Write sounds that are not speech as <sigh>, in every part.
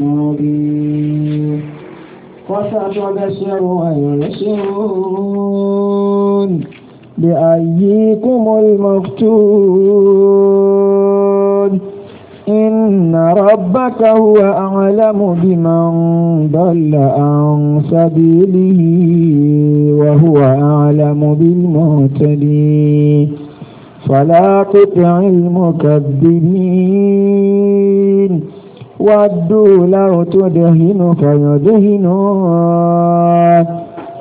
مبين فستبصر ويبصرون بأيكم المفتون إن ربك هو أعلم بمن ضل عن سبيله وهو أعلم بالمهتدين فلا تطع المكذبين ودوا لو تدهن فيدهنون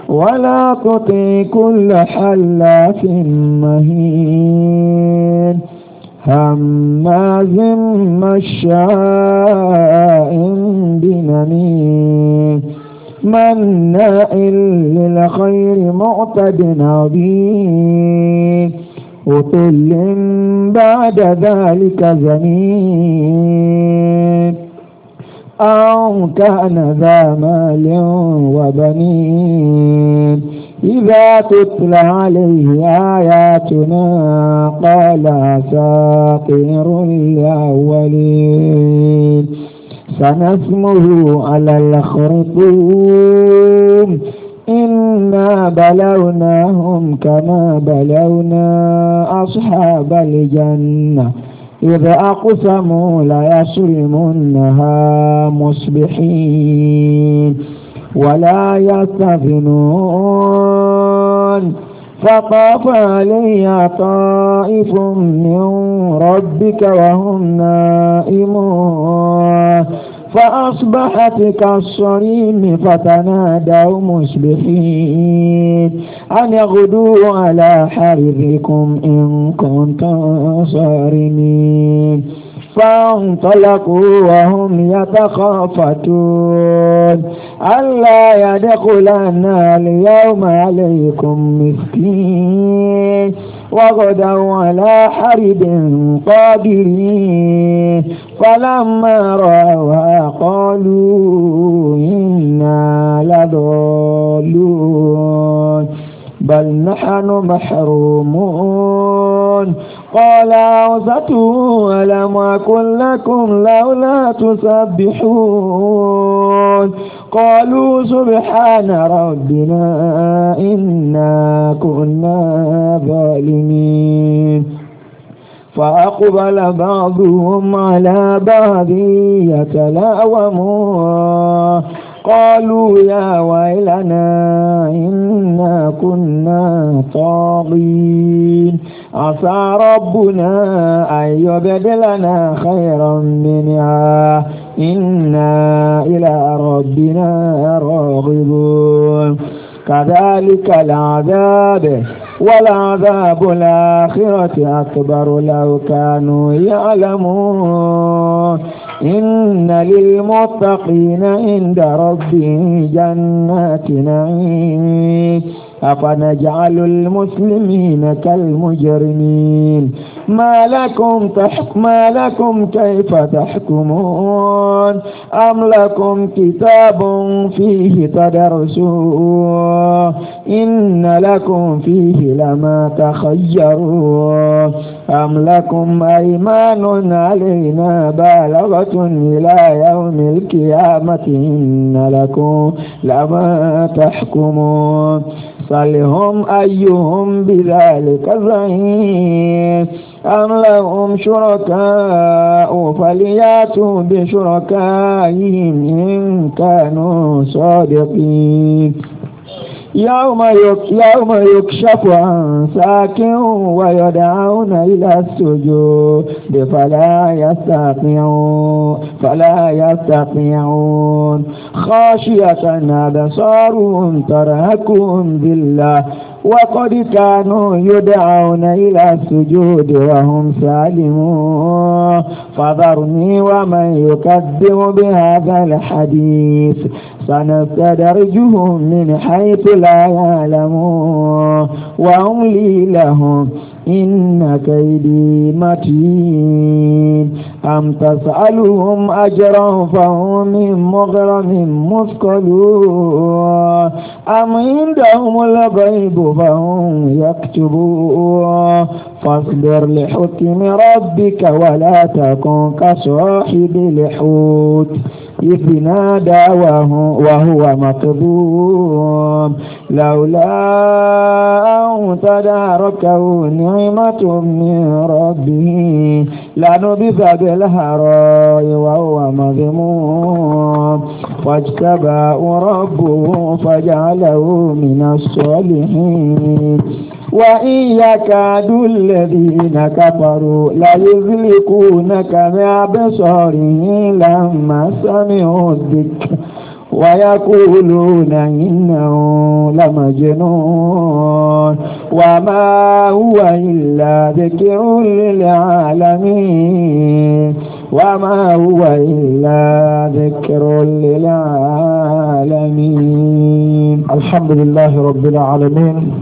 ولا تطي كل حلاف مهين هماز مشاء بنميم مناع للخير معتد عظيم عتل بعد ذلك زنيم أو كان ذا مال وبنين إذا تتلى عليه آياتنا قال ساطير الأولين سنسمه على الخرطوم إنا بلوناهم كما بلونا أصحاب الجنة إذا أقسموا ليصرمنها مصبحين ولا يستثنون فطاف علي طائف من ربك وهم نائمون فأصبحت كالصريم فتنادوا مصبحين أن اغدوا على حرثكم إن كنتم صارمين فانطلقوا وهم يتخافتون ألا يدخلن اليوم عليكم مسكين وغدوا على حرب قادرين فلما رأوها قالوا إنا لضالون بل نحن محرومون قال عوزته ألم أكن لكم لولا تسبحون قالوا سبحان ربنا إنا كنا ظالمين فأقبل بعضهم على بعض يتلاومون قالوا يا ويلنا إنا كنا طاغين عسى ربنا أن يبدلنا خيرا منها إنا إلى ربنا راغبون كذلك العذاب والعذاب الآخرة أكبر لو كانوا يعلمون إن للمتقين عند ربهم جنات نعيم أفنجعل المسلمين كالمجرمين ما لكم تحك ما لكم كيف تحكمون أم لكم كتاب فيه تدرسون إن لكم فيه لما تخيرون أم لكم أيمان علينا بالغة إلى يوم القيامة إن لكم لما تحكمون سلهم أيهم بذلك زعيم أم لهم شركاء فلياتوا بشركائهم إن كانوا صادقين يوم يوم يكشف عن ساك ويدعون إلى السجود فلا يستطيعون فلا يستطيعون خاشية أبصارهم ترهقهم بالله وقد كانوا يدعون إلى السجود وهم سالمون فذرني ومن يكذب بهذا الحديث سنستدرجهم من حيث لا يعلمون وأملي لهم إن كيدي متين أم تسألهم أجرا فهم من مغرم مثقلون أم عندهم الغيب فهم يكتبون فاصبر لحكم ربك ولا تكن كصاحب الحوت إفنادا وهو مطلوب لولا أن تداركه نعمة من ربه لنبذ بالهراء وهو مذموم واجتباه ربه فجعله من الصالحين وإن يكاد الذين كفروا ليزلقونك بأبصارهم لما سمعوا الذكر ويقولون إنه لمجنون وما هو إلا ذكر للعالمين وما هو إلا ذكر للعالمين الحمد لله رب العالمين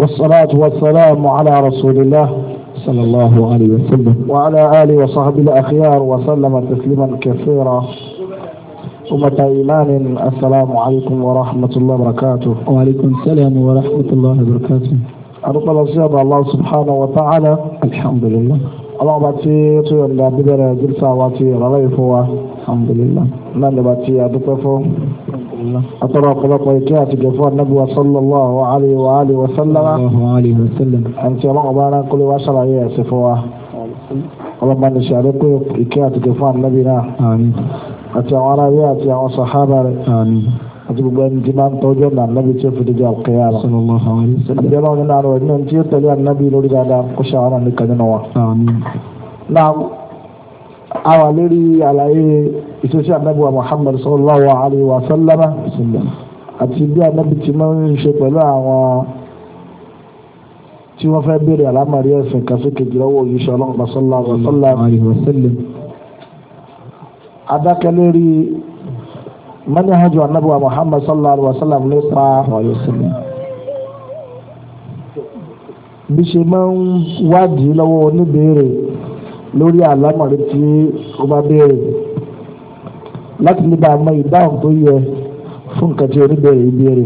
والصلاة والسلام على رسول الله صلى الله عليه وسلم وعلى آله وصحبه الأخيار وسلم تسليما كثيرا أمة إيمان السلام عليكم ورحمة الله وبركاته وعليكم السلام ورحمة الله وبركاته أرضى الزيادة الله سبحانه وتعالى الحمد لله الله باتي تو بدر جلسة واتي رليفوا الحمد لله نالي نعم، باتي أدوكفو atọrọ ọ̀pọ̀lọpọ̀ ike àti gẹfọ anabiwa sallallahu alayhi wa alayhi wa sallama àti ọlọ́run ọba ara kọlẹ wa ṣàlàyé ẹsẹ fún wa ọlọmọ ní sàrẹ pé ike àti gẹfọ anabi náà àti àwọn ará rẹ̀ àti àwọn sàhábà rẹ̀ àti gbogbo ẹni tí máa ń tọ́jú ọ̀nà ànábì tí ó fi dojú àkẹyà rẹ̀. àbíyá náà nínú àrò ẹni tí ó tẹ̀lé ànábì lórí dáadáa kó ṣàwọn àmì kan nínú wa. náà àwa lérí àlàyé ìṣẹ́ṣẹ́ anábíwá Muhammad sallallahu alayhi wa sallam àti bí anábì ti máa ń ṣe pẹ̀lú àwọn tí wọ́n fẹ́ béèrè àlámàrí ẹ̀sìn kásókè jìlọ́wọ́ òyìṣẹ́ ọlọ́pàá sallallahu alayhi wa sallam adákẹ́lérí manhaju anábíwá Muhammad sallallahu alayhi wa sallam nípa bí ṣe máa ń wádìí lọ́wọ́ oníbèérè lórí àlámàrí tí ó bá béèrè láti lè bá a mọ ìdáhùn tó yẹ fún nǹkan tí oníbẹ̀rẹ̀ ìbéèrè.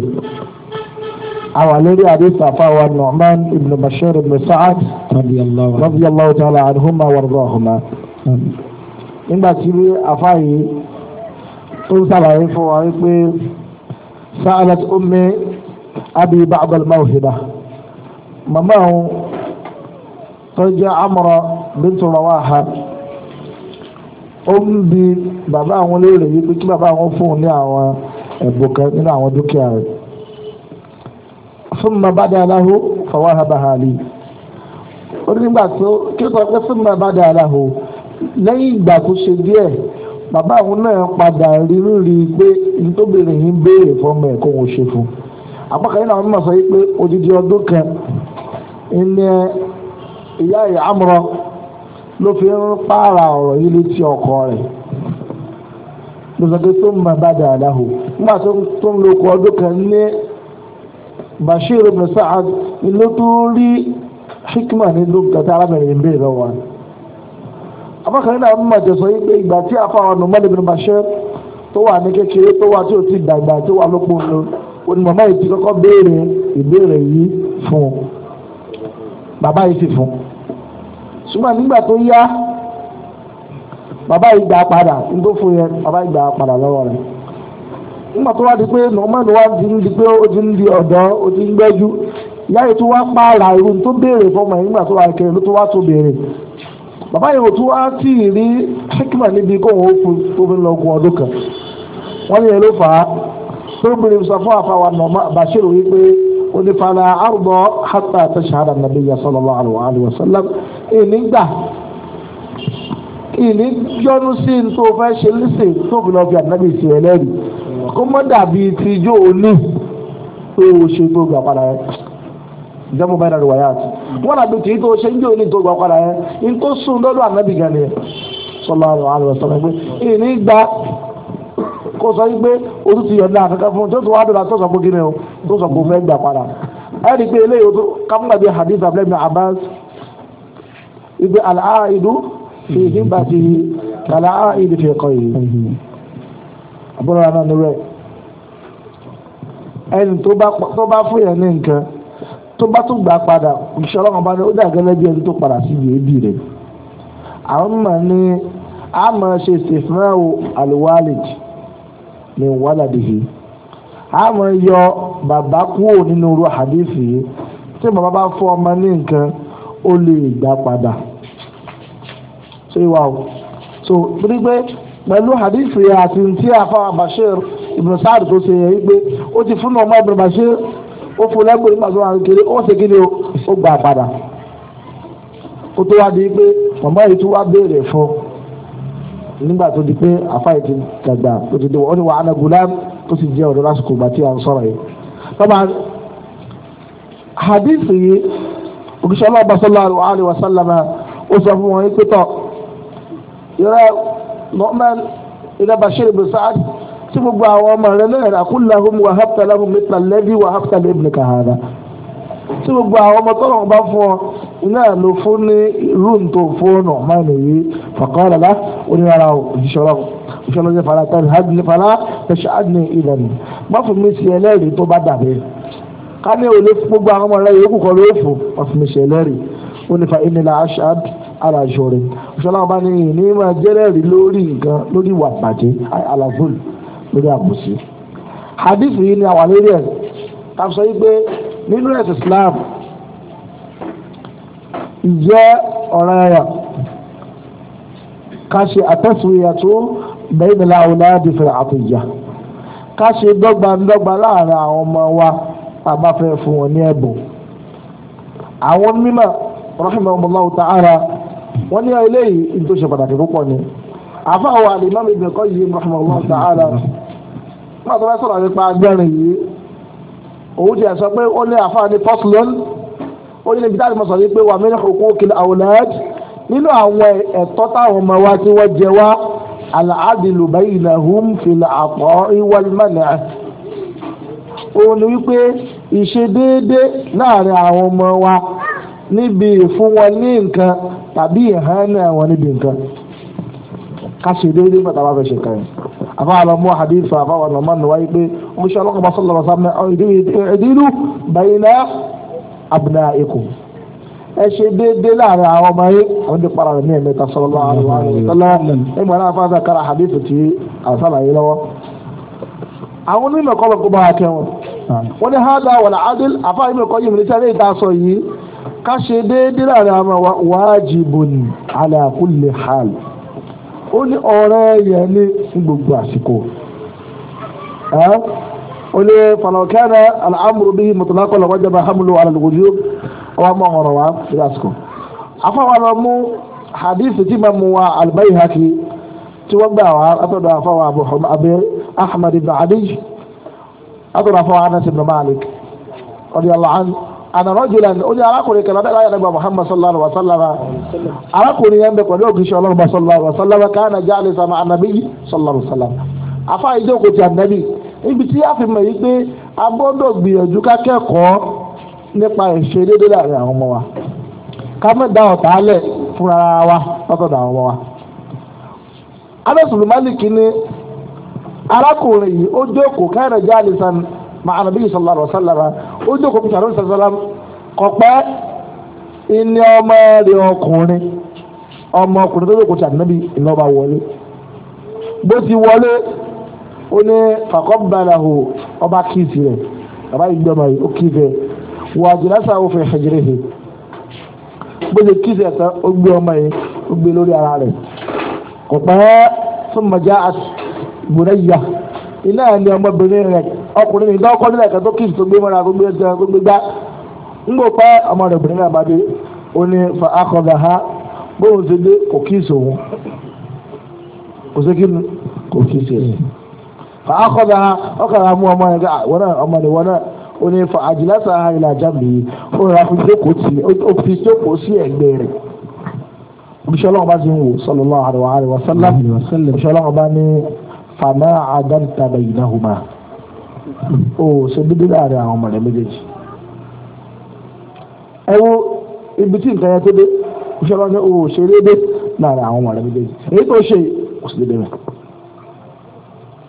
àwọn àlérí àdéhùn àfáwà Nu'man ibn Bashir ibn Sa'ad radiyallahu ta'ala anhuma warḍahuma. nígbà tí àfáyé tó ń sàlàyé fún wa wípé sa'alat ummi abi ba'd al-mawhiba màmá tó jẹ́ Amra bint Rawaha ó ń bi bàbá àwọn léèrè wípé kí bàbá àwọn fóun ní àwọn ẹ̀bùn kan nínú àwọn dúkìá rẹ̀ fún ma bá dáa láhó fọwọ́ ha bá ha lè ó ní nígbà tó kí ló sọ pé fún ma bá dáa láhó lẹ́yìn ìgbà tó ṣe díẹ̀ bàbá àwọn náà padà rírú rí i pé nítòbìnrin yìí ń béèrè fún ọmọ ẹ̀kọ́ wọn ṣe fún un àpákan nínú àwọn mímọ̀ sọ yìí pé odidi ọdún kan ìyá ìyá àmúrọ̀ ló fi ń pààrà ọ̀rọ̀ yìí létí ọkọ rẹ̀ ló sọ pé tó ń bá bá dáadáa hù nígbà tó ń lo ọkọ̀ ọdún kan ní Bashir ibn Sa'ad ló tó rí hikma ní lóògùn tí arábìnrin ń bèèrè lọ́wọ́ abákanínà mímọ̀ jẹ̀sọ́ yìí pé ìgbà tí afáwọn Nu'man ibn Bashir tó wà ní kékeré tó wà tí ò ti dàgbà tó wà lópò ńlọ onímọ̀mọ́ yìí ti kọ́kọ́ béèrè ìbéèrè yìí fún bàbá yìí sì fún un. ṣùgbọ́n nígbà tó yá bàbá yìí gbà padà nítorí fún yẹn bàbá yìí gbà padà lọ́wọ́ rẹ̀ nígbà tó wá di pé normal wá di ń di pé ó ti ń di ọ̀dọ́ ó ti ń gbẹ́jú ìyá yìí tó wá pààlà irun tó béèrè fọmọ yìí nígbà tó wá kéré ló tó wá sóbìrì sọ fún àfàwà nọ̀mọ́ bàṣírò wípé onífàlà àrùbọ̀ hàtà tó ṣàhàdà nàbí yà sọlọ́lá àlùwà àlùwà sọlá ìnígbà ìní yọnu sí tó fẹ́ ṣe lísìn tó fi lọ́ọ́ fi ànábì sí ẹlẹ́rìí kó mọ́ dàbí ti jó òní pé o ṣe tó gbà padà yẹn jẹ́mu báyìí náà wáyà àti wọ́n dàbí tí tó ṣe ń jó òní tó gbà padà yẹn ní tó sùn lọ́dọ̀ ànábì gan ni sọlá àlùwà sọlá pé kó sọ yín pé oṣù ti yọ̀dá àfikẹ́ fún tó tó wá dọ̀la tó sọ pé kí ni o tó sọ pé fẹ́ gbà padà ẹni pé eléyìí o tó kámúgbàdì hadith abdulayi bin abbas ibi al'aidu fi hibbati al'aidu fi ẹ̀kọ́ yìí àbúrò àná ni rẹ̀ ẹni tó bá fún yẹn ní nǹkan tó bá tún gbà padà òṣìṣẹ́ ọlọ́run bá ní ó dàgẹ́lẹ́ bí ẹni tó padà síbi èébì rẹ̀ àwọn mọ̀ ní àmọ̀ ṣe ṣèfúnra o alwalid ní wàlàdìhì àmọ́ yọ bàbá kúrò nínú ru àdìsí yìí tí bàbá bá fún ọmọ ní nǹkan ó lè gbà padà ṣé wà o so bí pé pẹ̀lú àdìsí àti ti àfáà Bashir ibn Sa'd tó ṣe yẹn wípé ó ti fún ọmọ ibn Bashir ó fún lẹ́gbẹ̀ẹ́ nígbà tó wà kékeré ó ṣe kí ni ó gbà padà ó tó wá di pé màmá yìí tún wá béèrè fún un nígbà tó di pé àfáyé ti dàgbà ó ti dìbò ó ní wàhálà gulam ó sì jẹ́ ọ̀dọ́ lásìkò ìgbà tí a ń sọ̀rọ̀ yìí. tọ́ba hadith yìí òkìṣẹ́ ọlọ́ọ̀bá sallallahu alaihi wa sallam ó sọ fún wọn pé tọ́ ìrẹ́ Nu'man ìrẹ́ Bashir ibn Sa'ad tí gbogbo àwọn ọmọ rẹ̀ lẹ́yìn àkúlẹ̀ ahùn wàháptà lahum mithla alladhi wàháptà li ibnika tí gbogbo àwọn ọmọ tọ́lọ̀ bá fún ọ iná ló fún ní rúùn tó fóònù máa lè rí fàkọ́ lọ́la onírara òṣìṣẹ́ ọlọ́run òṣìṣẹ́ ọlọ́run fara tán hàbí fara ẹ̀ṣẹ́ àdìní ìlànà má fún mi sí ẹlẹ́rìí tó bá dàbí ká ní òní gbogbo àwọn ọmọ rẹ yòókù kọ́ ló fò má mi sí ẹlẹ́rìí ó ní fa ìnira aṣáájú ara òṣìṣẹ́ ọlọ́run bá ní ìní máa jẹ́rẹ̀rí lórí nǹkan lórí ìwà bàjẹ́ àlàfóònù lórí àbòsí hadith yìí ni àwọn àlérí ẹ̀ sọ yí pé nínú ẹ̀sìn Islam ìjẹ́ ọ̀ràn ẹ̀yà ká ṣe àtẹ̀síwìyà tó bẹ́ẹ̀nìlá ọ̀làdì fẹ̀rẹ̀ àtìyà ká ṣe dọ́gbandọ́gba láàrin àwọn ọmọ wa àbáfẹ́ fún wọn ní ẹ̀bùn àwọn mímọ̀ rahimahullahu ta'ala wọ́n ní eléyìí ní tó ṣe pàtàkì púpọ̀ ni àfáwọn al-Imam Ibn Qayyim rahimahullahu ta'ala wọ́n àtọ́fẹ́ sọ̀rọ̀ nípa agbẹ́rin òun ti sọ pé ó ní àfáàní fọ́sùlọ́n ó ní ibi táwọn ọmọ sọ wípé wà mẹ́rin òkú òkèlè àwòlẹ́ẹ̀d nínú àwọn ẹ̀tọ́ táwọn ọmọ wa tí wọ́n jẹ wá àlàádìlù báyìí nà hùm fìlà àpọ̀ ìwọlmọ́nà òun ni wípé ìṣedéédé láàrin àwọn ọmọ wa níbi ìfún wọn ní nǹkan tàbí ìhánà wọn níbi nǹkan ká ṣe déédé pàtàkì wọn fẹ́ ṣe afa ala mu hadith afa wa na man wai pe o sha Allah ba sallallahu alaihi wasallam idilu baina abnaikum ẹ ṣe déédéé láàrin àwọn ọmọ yìí àwọn ti para ní ẹ̀mẹ́ta sallallahu alaihi wasallam ẹ mọ̀ náà fáwọn kára hadith ti àṣàlà yìí lọ́wọ́ àwọn onímọ̀ kọ́ lọ́kọ́ bá wa kẹ́wọ̀n wọ́n ní hádà wọ̀lá adil afa ìmọ̀ kọ́ yìí mi ìta sọ yìí ká ṣe déédéé láàrin àwọn wájibun ala kulli hal ó ní ọ̀rọ̀ yẹn ní fún gbogbo àsìkò ó ní falọ̀kẹ́rẹ alámúrú bíi mọ̀tòlákọ́ lọ́wọ́ jẹba hamlu alàlùkòjú ọwọ́ mọ́ ọ̀rọ̀ wa sí àsìkò afọwọ́ lọ mú hadithi tí máa mú wa albayhaqi tí wọ́n gbà wá látọ̀dọ̀ afọwọ́ abu abi ahmad ibn adij látọ̀dọ̀ afọwọ́ anas ibn malik radiyallahu anhu ànàrọ́jùlá ó ní arákùnrin kan lábẹ́ láyé nàgbà muhammad sallallahu alaihi wa sallam arákùnrin yẹn bẹ pẹ̀lú ògùnṣẹ́ ọlọ́run sallallahu alaihi wa sallam káàna jáde sàmà ànàbí sallallahu alaihi wa sallam afa ìjókòó ti ànàbí ibi tí a fi mọ̀ yí pé a gbọ́dọ̀ gbìyànjú ká kẹ́kọ̀ọ́ nípa ìṣe déédé láàrin àwọn ọmọ wa ká má da ọ̀tá lẹ̀ fúnra wa lọ́tọ̀dọ̀ àwọn ọmọ wa. adásùlùmálìkì ni arákùnrin yìí ó jókòó káàna jáde sàmà ànàbí sallallahu alaihi wa sallam ó jókòó pẹ̀lú àrùn sàlám kọ̀pẹ́ ilé ọmọ rẹ̀ ọkùnrin ọmọkùnrin tó jókòó pẹ̀lú ànábì ìlọ́ba wọlé bó ti wọlé ó ní fàkọ́bàlàhù ọba kíìsì rẹ̀ bàbá yìí gbọ́mọ yìí ó kíìsì rẹ̀ wà jìlásà òfin ìṣẹ̀jẹ̀rẹ̀ yìí bó ṣe kíìsì ẹ̀ ó gbé ọmọ yìí ó gbé lórí ara rẹ̀ kọ̀pẹ́ fún mọ̀já àti bùrẹ́yà iná ẹ̀ ní ọmọbìnrin rẹ̀ ọkùnrin ní ìdánwò kọ́dúnlẹ̀ kan tó kíìsì tó gbé mọ́ra gbogbo ẹsẹ̀ gbogbo gbá ń pẹ́ ọmọ rẹ̀ obìnrin náà fa ha bóun ti dé kò kíìsì òun kò sí kíni kò kíìsì rẹ̀ fa ha ọmọ rẹ̀ ah, wọn náà ọmọ ha ilà jáde ó rà fi jókòó sí ẹ̀gbẹ́ rẹ̀ fàmà àdáńtà bẹ̀yìn náà hùmà ó ṣe bí dídá rẹ àwọn ọmọdé méjèèjì ẹ wo ibi tí nǹkan yẹn tó dé iṣẹ́ wọn ṣe ó ṣe déédé láàrin àwọn ọmọdé méjèèjì èyí tó ṣe kò sí déédé rẹ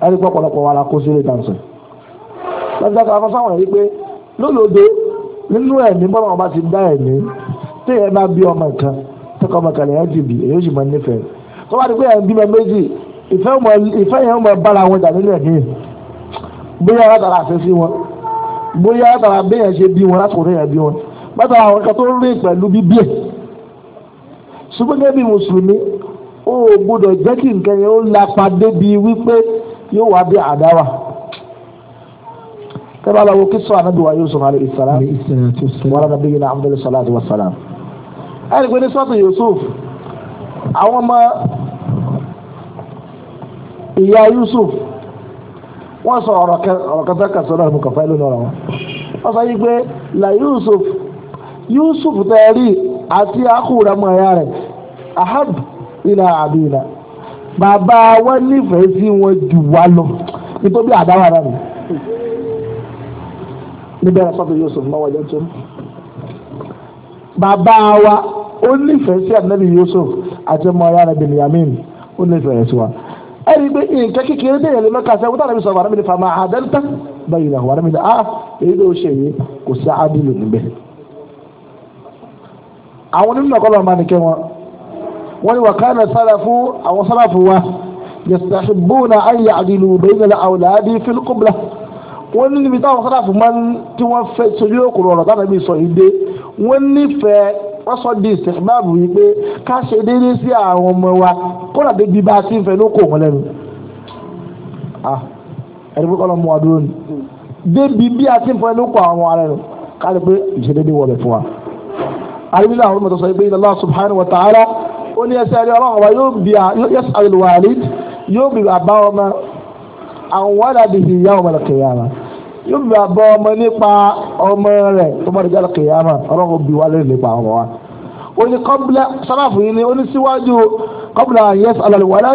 ẹ rí pọ̀pọ̀lọpọ̀ wa la kó sílé dáńsọ̀ lọ́jọ́ kan afọ́sáwọn yìí pé lólóde nínú ẹ̀mí bọ́lá wọn bá ti dá ẹ̀mí tí ẹ bá bí ọmọ kan tọkọ ọmọ kan lè yẹn jì bí èyí ó sì máa nífẹ̀ẹ́ tó bá ti pé ẹ̀ ń bímọ méjì ìfẹ́ yẹn mọ̀ bára wọn jà nílẹ̀ ní bóyá látara àfẹ́sí wọn bóyá látara béèyàn ṣe bí wọn lásìkò tó yẹ bí wọn látara àwọn kan tó rí pẹ̀lú bíbí ẹ̀ ṣùgbọ́n gẹ́gẹ́ bí mùsùlùmí ó gbọ́dọ̀ jẹ́ kí nǹkan yẹn ó lapa débi wípé yóò wá bí àdáwà kẹ́bà lọ́wọ́ kí sọ ànábì wa Yusuf alayhi salam wàrà nàbí yìí náà abdulayi salatu wa salam. ẹ̀rí pé ní sọ́tù Yusuf àwọn ọmọ ìyá Yusuf wọ́n sọ ọ̀rọ̀ kẹta kàṣọ náà nǹkan fẹ́ lónìí wọ́n sọ yí pé la Yusuf Yusuf tẹ́rí àti akúra mọ̀ ẹ̀yà rẹ̀ ahab ilà àbílà bàbá wọn nífẹ̀ẹ́ sí wọn jù wá lọ nítorí àdáwà rẹ̀ mi níbẹ̀rẹ̀ sọ́tò Yusuf náà wọ́n jẹ́ tó bàbá wa ó nífẹ̀ẹ́ sí ànábì Yusuf àti ọmọ ẹ̀yà rẹ̀ Benjamin ó nífẹ̀ẹ́ sí wa ẹ̀rí pé nǹkan kékeré dé yẹn lè mẹ́ka sẹ́wọ́n ah, tó àrẹ́mi sọ̀rọ̀ àrẹ́mi fama àdẹ́ntà báyìí náà wà àrẹ́mi náà èyí ló ṣe yìí kò sí àdìlù níbẹ̀. àwọn onímọ̀ kọ́ lọ́ọ́ máa nìkẹ́ wọn wọ́n ní wàkánà sálàfù àwọn sálàfù wa yastahibuna an ya'dilu bayna al-awladi fil qibla wọ́n ní níbi táwọn sálàfù máa ń tí wọ́n fẹ́ sojú òkùnrin ọ̀rọ̀ wọ́n sọ di ìsèkbáàbù yìí pé ká ṣe déédéé sí àwọn ọmọ wa kódà débi bá a ti ń fẹnu kò wọ́n lẹ́nu ah, ẹni pé kọ́lọ́ mú wa dúró ni débi bí a ti ń fẹnu kò àwọn ọmọ wa lẹ́nu ká lè pé ìṣedéédéé wọlé fún wa. àríwílẹ̀ àwọn olùmọ̀tò sọ pé ilẹ̀ Allah subhanahu wa ta'ala ó ní ẹsẹ̀ ẹni ọlọ́run ọba yóò bí yóò bí bàbá ọmọ àwọn wàdà bìbí ìyá ọmọ yóò gbà bọ ọmọ nípa ọmọ rẹ̀ tó bá dìgbà kìyàmà ọlọ́run bí wa lórí nípa ọmọ wa. ó ní kọ́bílà sábàfù yìí ni ó ní síwájú kọ́bílà yẹs alàlùwàlá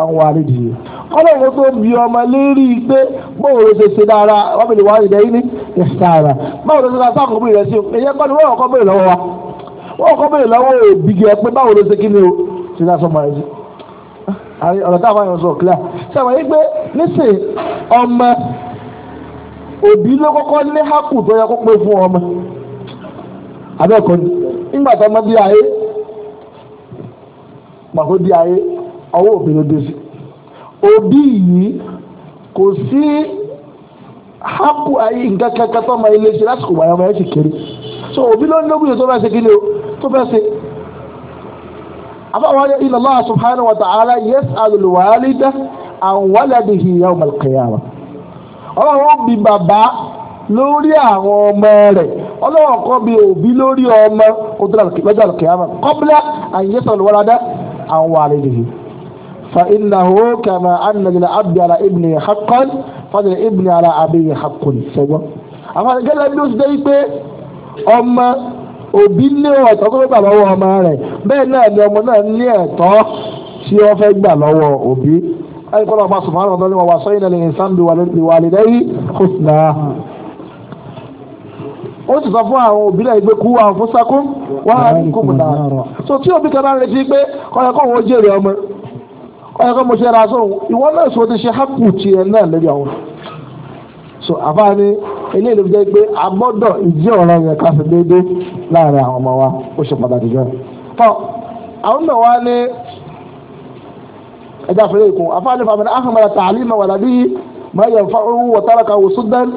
àwọn àlejò yìí. ọlọ́run tó bí ọmọ lérí pé bóun ló ṣe ṣe dára wọ́n bèèrè wàá ìdẹ́yìn ní ìsàrà báwo ló ṣe ṣe àkókò bèèrè sí ẹ̀yẹ pẹ́ni wọ́n kọ́ bèèrè lọ́wọ́ obi ló kọ́kọ́ ní hákù tó yẹ kó pé fún ọmọ abẹ́ẹ̀kọ́ ni nígbà tó ọmọ bí ayé màkó bí ayé ọwọ́ òbí ló dé sí òbí yìí kò sí hákù ayé nǹkan kankan tó ọmọ ilé so òbí ló ń lókùn tó fẹ́ ṣe kí ni o tó fẹ́ ṣe àbáwọn ilẹ̀ subhanahu wa ta'ala yas'alul walida an waladihi yawm al-qiyamah. ọlọ́run ó bí bàbá lórí àwọn ọmọ rẹ̀ ọlọ́run kọ́ bí òbí lórí ọmọ lọ́jọ́ àlùkìyàmọ̀ kọ́bílá àyẹ̀sọ̀ lọ́wọ́ládá àwọn wà lè dìbò. فإنه كما أن للعبد على ابنه حقا فللابن على أبيه حق سواء àwọn àgbẹ̀lẹ̀ bí ó ti dé wípé ọmọ òbí ní ẹ̀tọ́ tó gbà lọ́wọ́ ọmọ rẹ̀ bẹ́ẹ̀ náà ni ọmọ náà ní ẹ̀tọ́ tí ó fẹ́ gbà lọ́wọ́ òbí ayé kọ́lá ọba sùnmọ́ àwọn ọ̀dọ́ wa sọ́yìn lẹ́yìn ìsán ìwàlẹ̀ lẹ́yìn hùsùnà. ó sì sọ fún àwọn òbí náà pé kú àwọn fún sákún wọn á ní kùmù náà. so tí òbí kan náà retí pé kọ́yẹ kọ́ òun ó jèrè ọmọ kọ́yẹ kọ́ mo ṣe ra sóhun ìwọ náà sọ ti ṣe hápù tiẹ̀ náà lórí àwọn. so àfáàní ilé ìlú jẹ́ pé a gbọ́dọ̀ ìjẹ́ ọ̀rọ̀ yẹn ká fi déédéé láàrin àwọn ọmọ wa ó ṣe pàtàkì gan. àwọn náà wá ní ẹja fẹ́rẹ́ ìkún afáàní fàmìlì ahàmàlà tààlímà wàlàbí máa yẹn fa owó wọ̀tára ka wò sódán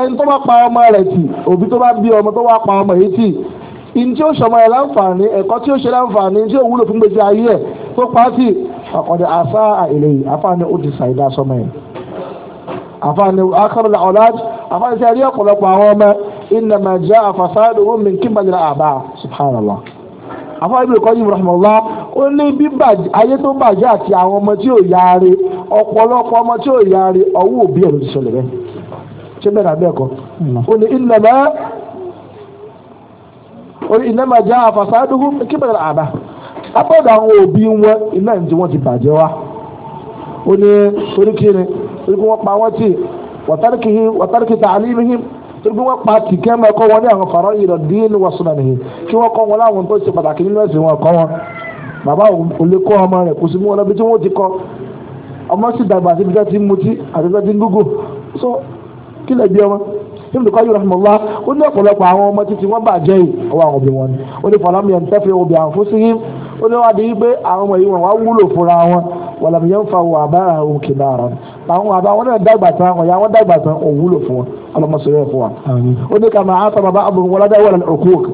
ẹni tó bá pa ọmọ rẹ̀ tì òbí tó bá bí ọmọ tó wá pa ọmọ yìí tì in tí ó sọmọ ẹ láǹfààní ẹ̀kọ́ tí ó ṣe láǹfààní tí ó wúlò fún gbèsè ayé ẹ̀ tó pa á tì àkọ́dẹ àṣà àìlè yìí ó ti ṣàìdá sọmọ ẹ̀ afáàní akọ́rọ̀lá ọ̀làj afáàní sẹ́yìn ọ̀pọ̀lọpọ̀ àwọn ọmọ ìnàmàjá àfàṣà ìdòwò mi kí àfọwọ́ ibi ìkọ́jú rahmanlá ó ní bí ayé tó bàjẹ́ àti àwọn ọmọ tí ò yaare ọ̀pọ̀lọpọ̀ ọmọ tí ò yaare ọwọ́ òbí ẹ̀rọ ti sọlẹ̀ bẹ́ẹ̀ ṣé bẹ́ẹ̀ náà bẹ́ẹ̀ mm. ó ní ìnàmẹ́ ó ní jẹ́ kí àwọn òbí wọn torí pé wọ́n pa tìkẹ́ mọ́ ẹ̀kọ́ wọn ní àwọn fàrọ́ yìí lọ dín wọ́n sọ̀rọ̀ nìyí kí wọ́n kọ́ wọn láwọn tó ṣe pàtàkì nínú ẹ̀sìn wọn kọ́ wọn bàbá ò lè kọ́ ọmọ rẹ̀ kò sí mú wọn lọ́bi tí wọ́n ti kọ́ ọmọ sì dàgbà àti bíjá ti ń mutí àti bíjá ti ń gúgò so kí lè bí ọmọ nínú ìkọ́ yìí rahmanlá ó ní ọ̀pọ̀lọpọ̀ àwọn ọmọ títí wọ́n bàjẹ́ yìí ọwọ́ àwọn òbí wọn ni ó ní fọlámi ẹ̀ ń tẹ́fẹ́ obì àwọn fún sí yín ó ní wàá di àwọn àbá wọn náà dàgbà tán àwọn ìyá wọn dàgbà tán ò wúlò fún wọn ọlọmọsọ yóò fún wa. ó ní kàmá àtọ̀ bàbá àbùrù wọlé dáwọ́ lẹ́nu òkú òkè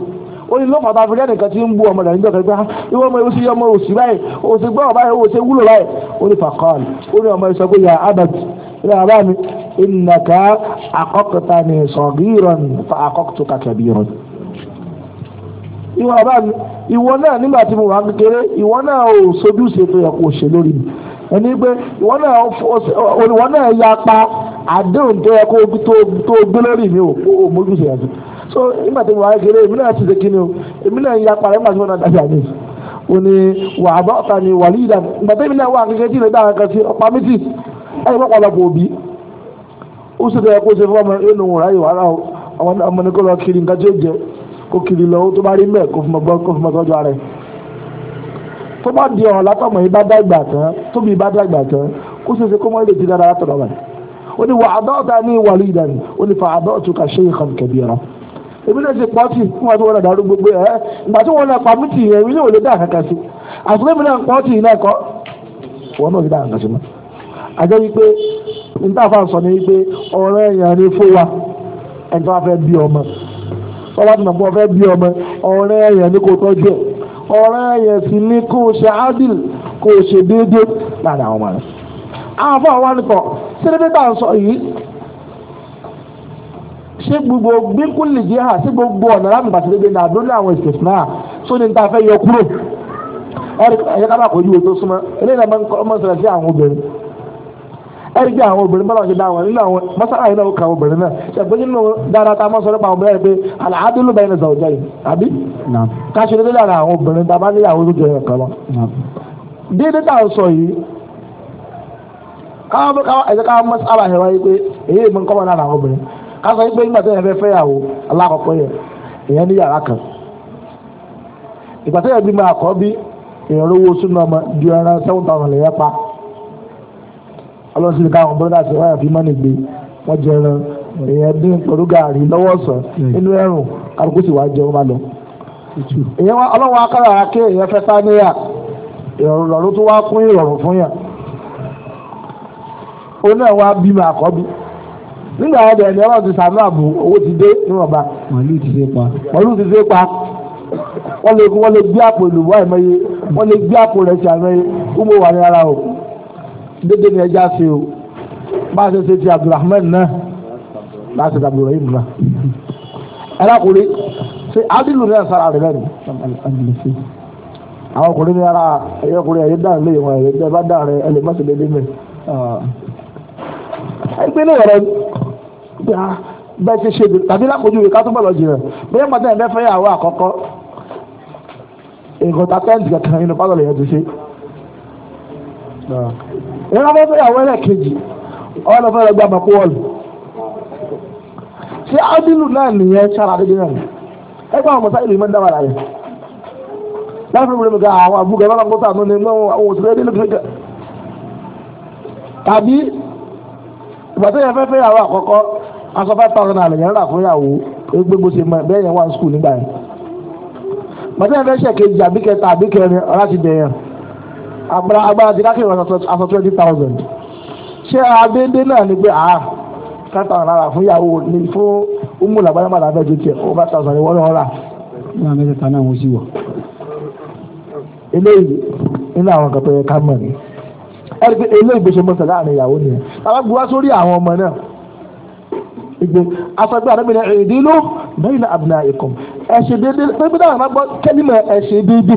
o ní lọ́fà bá fi lẹ́nìkan tí ń bú ọmọ nàìjíríà kan gbá ah, ìwọ ọmọ ìwòsí ọmọ òsì báyìí òsì gbọ́ ọ̀bá yìí òsì wúlò báyìí ó ní fàkọ́ọ̀l ó ní ọmọ ìsọgbó ya abati ilé bàbá mi ìnàkà àkọ́kọ̀tà ní sọ̀gírọ̀n fa àkọ́kọ̀tà kẹ̀bírọ̀n. ìwọ bàbá mi ìwọ náà nígbà tí mo wà kékeré ìwọ náà ò sojú ṣètò ẹ̀kọ́ òṣèlú ẹni pé wọn náà wọn náà ya pa àdéhùn tó yẹ kó tó gbé lórí mi ò mójúṣe yàtọ̀ so nígbà tí mo èmi náà ti o èmi náà ya pa nígbà tí wọn náà dábìá mi ò wà á bá ọ̀tá ni wà ní ìdá nígbà tí èmi náà wà kékeré tí ìrẹ̀dá kan sí ọ̀pá mi tì ẹ̀yìn pọ̀ pọ̀lọpọ̀ òbí ó sì kó ṣe fún ọmọ inú O ọmọ lọ kiri nǹkan tí jẹ kó kiri lọ tó bá rí mẹ́ẹ̀ kó ara tó bá di ọ̀ràn látọmọ yìí bá dàgbà tán tóbi bá dàgbà tán kó ṣe ṣe kó mọ́ lè di dára látọ̀dọ̀ wà ní. ó ní wà àdọ́ọ̀tà ní ìwàlú ìdánì ó ní fa àdọ́ọ̀tù kà ṣe ìkànnì kẹ̀bí ẹ̀rọ. èmi náà ṣe pọ́ọ̀tì fún wọn tí wọ́n dàrú gbogbo ẹ̀ ìgbà tí wọ́n lọ pa mí tì yẹn èmi náà ò lè dá àkàkà sí àtúntò èmi náà pọ́ọ̀tì yìí náà kọ́ wọ́n náà dá àkàkà sí mọ́. àjẹ́ wípé nítafà sọ ni wípé ọ̀rọ̀ ẹ̀yàn ni fún wa ẹni tó wá fẹ́ bí ọmọ tó wá ti mọ̀ pé wọ́n ọ̀rẹ́ yẹn sì ni kó o ṣe adil kó o ṣe déédéé láàrin àwọn ọmọ rẹ̀ àwọn fún àwọn nìkan sídẹ́dẹ́ tá à ń sọ yìí ṣé gbogbo gbínkúlì jẹ́ hà sí gbogbo ọ̀nà láti bàtí déédéé náà lórí àwọn ìṣẹ̀sìn náà sóni níta fẹ́ yọ kúrò ẹ̀rí ẹ̀yẹ́ká bá kọjú ètò súnmọ́ eléyìí náà máa ń sọ̀rọ̀ sí àwọn obìnrin ẹgbẹ àwọn obìnrin báwọn ṣe dá wọn nínú àwọn mọ́sálà yìí náà ó kà àwọn obìnrin náà ṣàgbéjì nínú dáadáa tá a mọ̀ sọ nípa àwọn obìnrin pé àlàádúlù bẹ́ẹ̀ ni zàwùjá yìí àbí. káṣí dédé lára àwọn obìnrin tá a bá nílé àwọn olójú ẹ̀yọ̀ kan lọ. dédé tá a sọ yìí káwọn bí káwọn ẹ̀jẹ̀ káwọn mọ́sálà yẹn wáyé pé èyí èmi ń kọ́ wọn lára àwọn obìnrin ká ọlọ́sìn ní káwọn bọ́dà sí wáyà fi mọ́nì gbé wọ́n jẹran èèyàn dín pẹ̀lú gààrí lọ́wọ́ ọ̀sán nínú ẹ̀rùn kálukú sì wáá jẹun má lọ. èèyàn ọlọ́wọ́ akára ké èèyàn fẹ́ sáníyà ìrọ̀rùn lọ́rùn tó wá kún ìrọ̀rùn fún yàn. ó náà wá bímọ àkọ́bí nígbà yẹn dẹ̀ ni ọlọ́run ti sàánú àbò owó ti dé níwọ̀nba. màálù ti ṣe pa. màálù ti ṣe pa wọ́n lè gbé àpò ìlú wáyé mẹ́yẹ wọ́n lè gbé àpò rẹ̀ ṣàmẹ́yẹ kó mo wà dédé ni ẹja ṣe o bá a ṣe ṣe ti abdulrahman náà láti ṣe abdulrahim náà ẹlẹ́kùnrin ṣe adilu náà sára rẹ̀ lẹ́nu àwọn ọkùnrin ní ara ẹ̀yọ́ ọkùnrin ẹ̀yẹ́ dáhùn lé ìwọ̀n ẹ̀yẹ́ tẹ́ bá dáhùn rẹ̀ ẹ lè má ṣe dédé mẹ́ ẹgbẹ́ náà rẹ̀ bẹ́ẹ̀ ṣe ṣe tàbí lákòójú rẹ̀ ká tó bọ̀ lọ jìnnà bẹ́ẹ̀ pàtẹ́ ẹ̀ mẹ́fẹ́ yàwó àkọ́kọ́ nǹkan tẹ́ǹtì kankan inú pálọ̀ lèyàn ti ṣe wọ́n lọ fẹ́ yàwó ẹlẹ́kejì wọ́n lọ fẹ́ lọ gba bàkú wọ́ọ̀lù ṣé ábílù náà nìyẹn sára àdéjì náà ni ẹgbẹ́ àwọn mọ̀sá ìlú ìmọ̀ dáwà láyé láti fún mi ká àwọn àbúgbà náà kó sàánú ní mọ́ àwọn òṣèré ní lókè tàbí ìgbà tó yẹ fẹ́ fẹ́ yàwó àkọ́kọ́ aṣọ five thousand naira yẹn rà fún yàwó gbé bó ṣe mọ bẹ́ẹ̀ yẹn wà ní skul nígbà yẹn mọ̀tẹ́yẹ fẹ́ ṣẹ̀kejì àbíkẹta àbíkẹrin ọ̀rá ti bẹ̀yẹn agbára ti láti ìrọ̀lẹ́ aṣọ 20.000. thousand ṣé abéńdé náà ni pé ah ten thousand naira fún ìyàwó ni fún umu làbáyọ̀mọ̀ làbẹ́ ju tiẹ̀ over thousand ni wọ́n rà. ní àmì ìta náà wọ́n sì wọ̀. eléyìí nínú àwọn kan tó yẹ ká mọ̀ ni ẹni pé eléyìí bó ṣe mọ̀ sẹ̀ láàrin ìyàwó nìyẹn alágbó wá sórí àwọn ọmọ náà ìgbé afẹ́gbẹ́ àdébìnrin ìdílú bẹ́ẹ̀ ni àbùnà ìkùn ẹ̀ṣẹ̀ déédéé pẹ́ẹ́pẹ́ dáhùn náà gbọ́ kẹ́lí mọ̀ ẹ̀ṣẹ̀ déédéé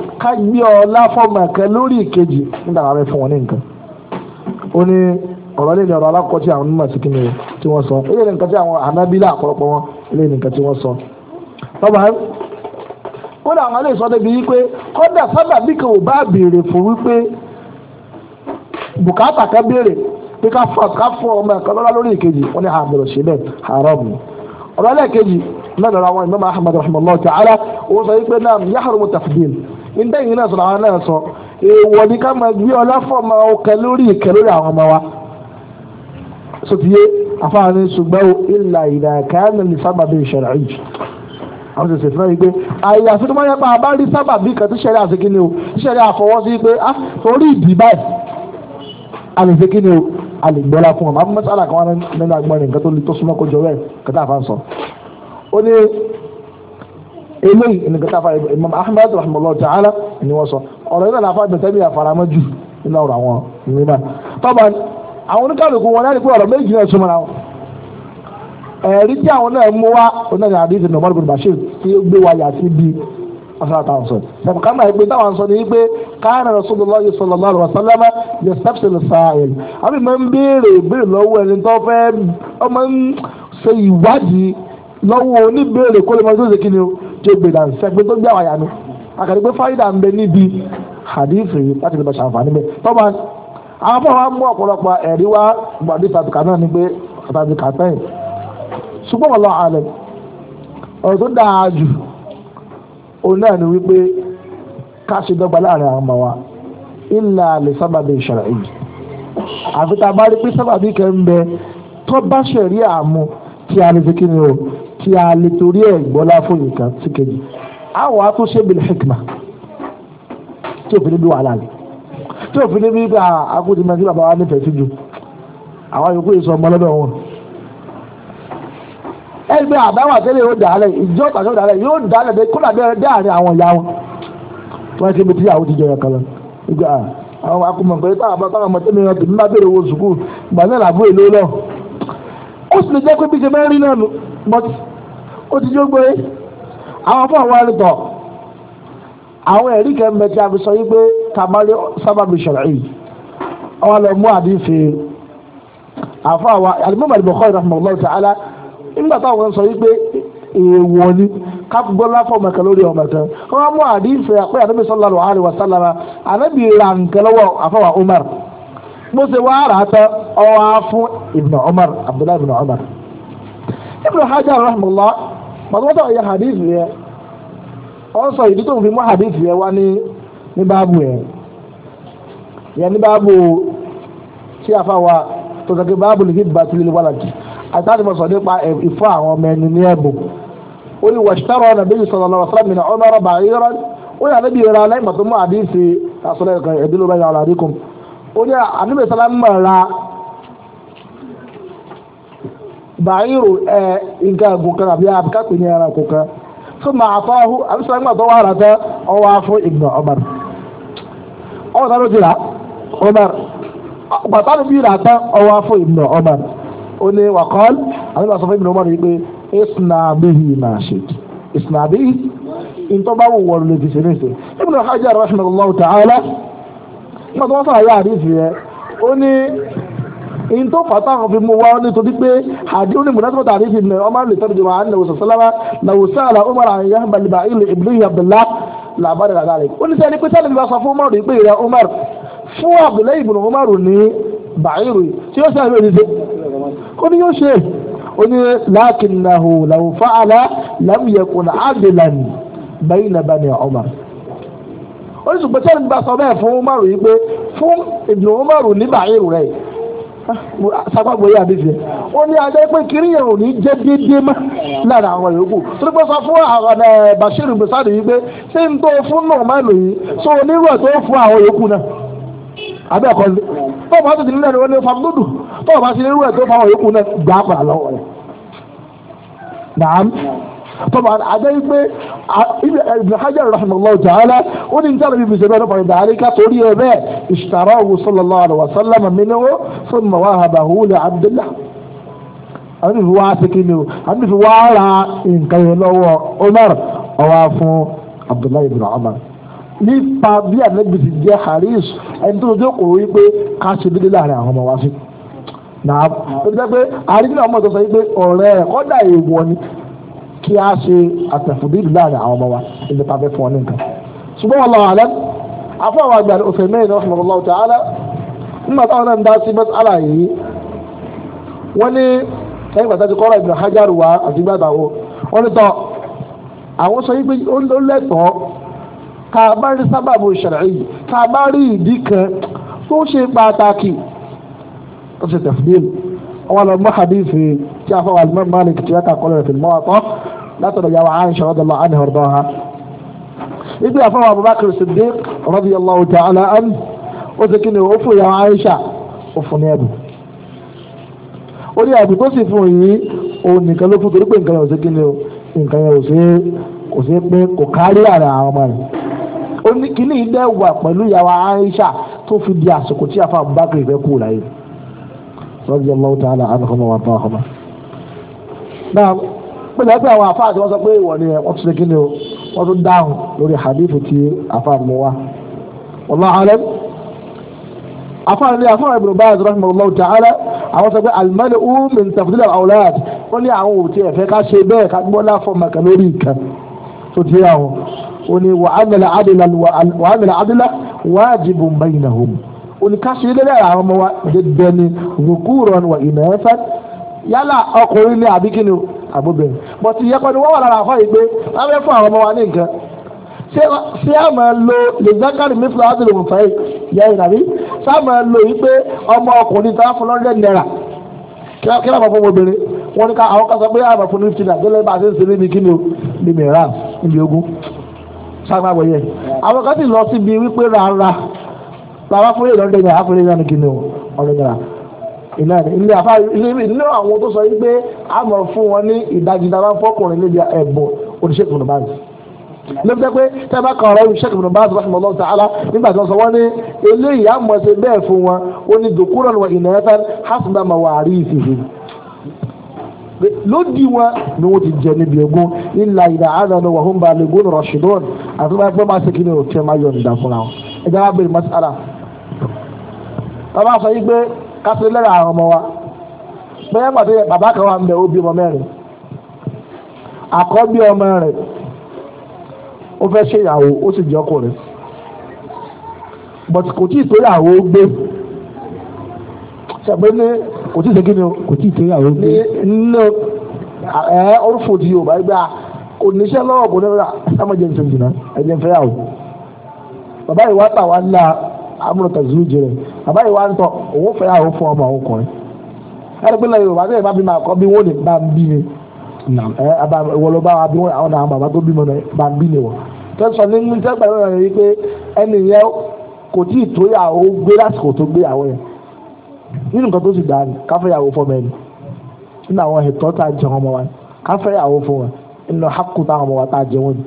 ká gbé ọ fọmọ kan lórí ìkejì nígbà wàá fẹ́ fún wọn ní nǹkan ó ní ọ̀rọ̀ lè ọ̀rọ̀ alákọ̀ọ́tì àwọn onímọ̀ sọ ilé ní nǹkan tí àwọn anábílẹ̀ àpọ̀lọpọ̀ wọn ilé ní nǹkan tí sọ. bàbá kódà àwọn aláìsọ débi wípé kódà sábà bí kò bá béèrè fún wípé bùkátà kan béèrè pé ká fọ ká fọ ọmọ ẹ̀kọ́ lọ́la lórí ìkejì àbẹ̀rẹ̀ ṣe bẹ́ẹ̀ ọ̀rọ̀ náà nítẹ̀yìn náà sọ̀rọ̀ àwọn náà sọ èèwọ̀ ni ká máa gbé ọlá fọ́ọ̀mà ọkẹ lórí ìkẹ́ lórí àwọn ọmọ wa sotiye afaani ṣùgbọ́n ilà ìdá kàánà ní sábàbí ìṣẹ̀rẹ̀ yìí àwọn ṣẹ̀ṣẹ̀ fún mi pé àyàfi tó máa yẹ pé a bá rí sábàbí kan tó ṣẹlẹ̀ àti kíni o ṣẹlẹ̀ àfọwọ́sí pé a ah, orí ìdí báyìí a lè ṣe kíni o a lè gbọ́lá fún ọ màá mú mẹ́sàlá kan wá nínú agbọ́n rẹ̀ nǹkan tó súnmọ́ kó jọ bẹ́ẹ̀ kẹta àfa ń sọ. ó ní eléyìí ẹnì kẹta fàáyé Imam Ahmad rahimahullah ta'ala ni wọ́n sọ ọ̀rọ̀ yìí náà làfáà bẹ̀tẹ̀ bí àfàràmọ́ jù nínú ọ̀rọ̀ àwọn mímọ́ tọ́ba àwọn oníkàlùkù wọn náà ní pé ọ̀rọ̀ méjì náà súnmọ́ra wọn ẹ̀rí tí àwọn náà mú wá onáà ní àdéhùn ní ọmọdé Bashir tí ó gbé wa yà sí bí asalaam sọ ṣàbùkà máa ń pè táwọn sọ ní wípé káàna Rasulullah sallallahu alaihi wasallam yẹ sẹ́pṣìlì sáàyẹ̀lì àbí máa ń béèrè ìbéèrè lọ́wọ́ ẹni tó fẹ́ ọmọ ń ṣe ìwádìí lọ́wọ́ oníbéèrè kó lè máa tó ṣe kí ni o tó gbé dànù sẹ́gbẹ́ tó gbé àwọn àyà mi àkàdé pé fáyidà ń bẹ níbi hadith yìí láti lè bá ṣàǹfààní bẹ tọ́ba àwọn fọwọ́ mú ọ̀pọ̀lọpọ̀ ẹ̀rí wá gbàdí tàbíkà náà ni pé tàbíkà tẹ́yìn ṣùgbọ́n wọn lọ àlẹ́ ọ̀rọ̀ tó dáa jù òun náà ni wípé ká ṣe dọ́gba láàrin àwọn ọmọ wa ìlà lè sábàbí ìṣẹ̀lẹ̀ yìí àfi tá a bá rí pé sábàbí kẹ́ ń bẹ tó bá ṣẹ̀rí àmú tí a lè fi kí ni o tí a lè torí ẹ̀ gbọ́lá fún nìkan sí kejì a wà á tún ṣe bil hikma tí òfin níbi wàhálà rẹ̀ tí òfin níbi bí akúti ah, mẹ́tí bàbá wa nífẹ̀ẹ́ sí ju àwọn yòókù yìí sọ ọmọ lọ́dọ̀ wọn. ẹgbẹ́ àbáwọ̀ àtẹ́lẹ̀ yóò dàálẹ̀ ìjọ tàbí dàálẹ̀ yóò dàálẹ̀ dé kódà dé àárín àwọn ìyá wọn tí wọ́n ti bí tíyàwó ti jẹyọ kan lọ àwọn akọmọ ó ti jó gbé àwọn fún àwọn àlùtọ̀ àwọn ẹ̀rí kẹ́ mẹ́tí a fi sọ yí pé kàmálẹ́ sábàbí ṣàlàyé ọwọ́ lọ mú àdífi àfọ àwọn alimọ́mọ́ àdìbọ̀kọ́ ìrọ̀fọ̀mọ́lọ́ ta'ala nígbà táwọn sọ yí pé èèwọ̀ ni kápúgbọ́lá fọmọ ẹ̀kẹ́ lórí ọmọ ẹ̀kẹ́ wọ́n mú àdífẹ́ àpẹ́ ànábì sallallahu alaihi wa sallam ànábì ra nǹkan lọ́wọ́ àfọwà Umar mo ṣe wá rà tán fún Ibn Umar Abdullahi Ibn Umar Ibn Hajar rahimahullah pàtàkì ọ̀yẹ́ hadith yẹn ọ sọ ìdí tó fi mú hadith yẹn wá ní ní báàbù yẹn yẹn ní báàbù tí a fa wa tó sọ pé báàbù lè fi bá tilé lè wàlàjì àtàtì mọ̀ sọ nípa ìfọ́ àwọn ọmọ ẹni ní ẹ̀bùn ó ní wàṣítàrọ̀ ọ̀nà sọ̀rọ̀ lọ́wọ́ sọ́rọ̀ ọ̀rọ̀ bàá bàáyìrò ẹ nǹkan àgùn kan àbí àbíkápẹ́ ní ẹranko kan fún màá fọ́ọ́hù àbísọ́lá ńgbà tó wà rà tán ọwọ́ afọ ìgbà Umar ọwọ́ tá ló ti rà Umar gbàtà níbi rà tán ọwọ́ afọ ìgbà Umar ó ní wàkọ́l àbíbà sọ fún ìgbà Umar yìí pé isnabihi máa ṣe isnabihi ntọ́ bá wù wọ́n lè fi ṣe ní ìṣe Ibn Hajar rahimahullahu ta'ala èyí tó fà táwọn fi mú wa nítorí pé àdé ó ní mùnátọ́ tàbí fi nà ọmọ lè tọ́jú wa ní ọ̀sán sálámà na ọ̀sán àlà ọmọ rà yà balùbà ilẹ̀ ibùdó Abdullah làbárẹ̀ làdárẹ̀ ó ní sẹ́ni pé sẹ́ni bí wọ́n sọ fún Umar pé ìrẹ́ Umar fún Abdullah ibn Umar ní bàírù tí ó sẹ́ni lórí ṣe ó ní yóò ṣe ó ní lákìnnahu law fa'ala lam yakun adilan bayna bani Umar ó ní ṣùgbọ́n sẹ́ni bí sọ bẹ́ẹ̀ fún Umar yìí fún ibn Umar ní bàírù rẹ̀ sagbagbo yà bíbí ó ní adé pé kiri yẹn ò ní jẹ́ déédéé mọ́ lára àwọn fún àwọn ẹ̀ eh, Bashir Musadi yìí pé ṣé n tó fún so onírú ẹ̀ tó fún àwọn na náà àbí ẹ̀kọ́ ni tó o bá nílẹ̀ tó o bá tọ́ba àjẹ́ wípé ibn hajar rahimahullah ta'ala ó ní nítorí bíbí ìṣẹ́bẹ́ ọ̀dọ́ pàrọ̀ dàrí ká torí ẹ bẹ́ẹ̀ ishtarahu sallallahu alaihi wa sallam minhu thumma wahabahu li abdullah àwọn ìfi wá sí kí ni o àwọn ìfi wá ra nǹkan yẹn lọ́wọ́ Umar ọwọ́ fún Abdullahi ibn Umar nípa bí ànábì ti jẹ́ haris ẹni tó tó kò rí pé ká ṣe dédé láàrin àwọn ọmọ wa sí. Nàá ó ti jẹ́ pé àrídìnà ọmọ ìtọ́sọ yìí pé ọ̀rẹ́ ẹ̀kọ́ dà èèwọ̀ ni kí a ṣe àtẹ̀fùdíìlù láàrin àwọn ọmọ wa níbi tá a fẹ́ fún ọ ní nǹkan. ṣùgbọ́n wọn lọ àlẹ́ afọ àwọn àgbà òfin mẹ́rin ọ̀sán ọ̀rọ̀ lọ́wọ́ tààlà nígbà táwọn náà ń dá sí bẹ́ẹ̀ àlàyé yìí wọ́n ní ẹ̀yìn gbàtà ti kọ́ra ìgbà hajar wa àti gbàtà wo wọ́n ní tọ́ àwọn sọ yìí pé ó lẹ́tọ̀ọ́ ká bá rí sábàbù ìṣẹ̀lẹ̀ yìí ká bá rí ìdí kan tó ṣe pàtàkì látọ̀dọ̀ yàwó Aisha radiyallahu anha ọ̀dọ́ha. ibi àfọwọ́ Abubakar Siddiq radiyallahu ta'ala anhu ó ti kíni ó fún yàwó Aisha ó fún ní ẹ̀bùn. ó ní ẹ̀bùn tó sì fún yìí òun nìkan ló fún torí pé nǹkan yẹn ò sí kíni o nǹkan yẹn ò sí kò sí pé kò kárí àrà àwọn ọmọ rẹ̀. ó ní kíní ilé wà pẹ̀lú yàwó Aisha tó fi di àsìkò tí àfọwọ́ Abubakar ìfẹ́ kú láyé. radiyallahu ta'ala anhu wa ta'ala pẹ̀lú ẹgbẹ́ àwọn àfáà tí wọ́n sọ pé ìwọ ni wọ́n tún ṣe kí ni o wọ́n tún dáhùn lórí hadith tí àfáà mú wa. wallahu alam àfáà ní àfáà ibn Baz rahimahullahu ta'ala àwọn sọ pé alimẹ́lẹ̀ umin tafdil al-awlad ní àwọn òtí ẹ̀fẹ́ ká ṣe bẹ́ẹ̀ ká gbọ́ láfọ̀ màkà lórí ìkan tó ti àwọn ó ní wàhálà adìlá wajibun bainahum ó ní ká ṣe lẹ́lẹ́ àwọn ni àbóbìnrin but ìyẹn kọ́ ni wọ́n wà lára àkọ́ yìí pé wọ́n fẹ́ fún àwọn ọmọ wa ní nǹkan ṣé a máa lo lè zákàrí mi fúlọ́ àti lòmùfẹ́ yẹ ìràbí ṣé a máa lo yìí pé ọmọ ọkùnrin tá a fún lọ́rẹ́ náírà kí ló máa fún obìnrin wọn ní ká àwọn kan sọ pé àwọn fún fifty naira gẹ́lẹ́ bá a ṣe ń ṣeré ní kí ni o ní mìíràn níbi ogún sáà máa wọ̀ yẹ àwọn kan sì lọ síbi wípé rárá làwọn fún èèyàn lọ́rẹ́ náírà fún èèyàn ní kí ni o ọ̀rẹ́ iná ni ilé àfa ilé àwọn tó sọ yìí pé a mọ̀ fún wọn ní ìdájídá bá fọkùnrin níbi ẹ̀bùn oníṣẹ́ ìtùnú báyìí lóbi pé tẹ́ bá kàn ọ̀rọ̀ ìṣẹ́kì bùnú bá àtúbọ̀ ṣùgbọ́n lọ́wọ́ ta'ala nígbà tí wọ́n sọ wọ́n ní ilé ìyá mọ̀ ṣe bẹ́ẹ̀ fún wọn ó ní dòkúrọ̀ wọn ìnà ẹ̀fẹ́ hásùnbà máa wà rí ìfìfì lódì wọn ni wọn ti jẹ níbi ogun ilà ìdá àdánù wàhùn bá lè gún rọṣìdọ́n àti wọn pẹ́ máa ṣe kí ni òtí ẹ máa yọ ìdá fúnra wọn ẹ̀jẹ̀ wá bẹ̀rẹ̀ masala. bàbá sọ yìí pé kásìrì lẹ́rọ àwọn ọmọ wa bẹ́ẹ̀ pàtó yẹ bàbá kan wà ń bẹ̀ ó bí ọmọ mẹ́rin àkọ́bí ọmọ rẹ̀ ó fẹ́ ṣe ìyàwó ó sì jẹ́ ọkùnrin but kò tí ì tó ìyàwó gbé ṣàgbé ní kò tí ì ṣe kí ni o kò tí ì tó ìyàwó gbé nínú ẹ orúfò di yorùbá gbé a kò lọ́wọ́ kò ní ra ẹ má jẹ́ nìṣẹ́ nìṣẹ́ ẹ jẹ́ nfẹ́ yàwó bàbá yìí wá tà wá ńlá amúlùtà zúùjì rẹ̀ bàbá yìí wá ń tọ̀ owó fẹ́yà ó fún ọmọ ọkùnrin ẹni pé lẹ́yìn bàbá yìí bá bí máa kọ́ bí wọ́n lè bá ń bí ni ẹ wọ́n ló bá wa bí wọ́n àwọn àwọn bàbá tó bímọ bá ń bí ni wọ́n tẹ́sán ní ní tẹ́gbà yóò rẹ̀ yìí pé ẹni yẹn kò tí ì tó yàwó gbé lásìkò tó gbé yàwó yẹn nínú nǹkan tó sì dáa ni káfẹ́yàwó fọmọ ẹni nínú àwọn ẹ̀tọ́ tá a jẹun ọmọ wa káfẹ́yàwó fún wa nínú hákùtà ọmọ wa tá a jẹun ni.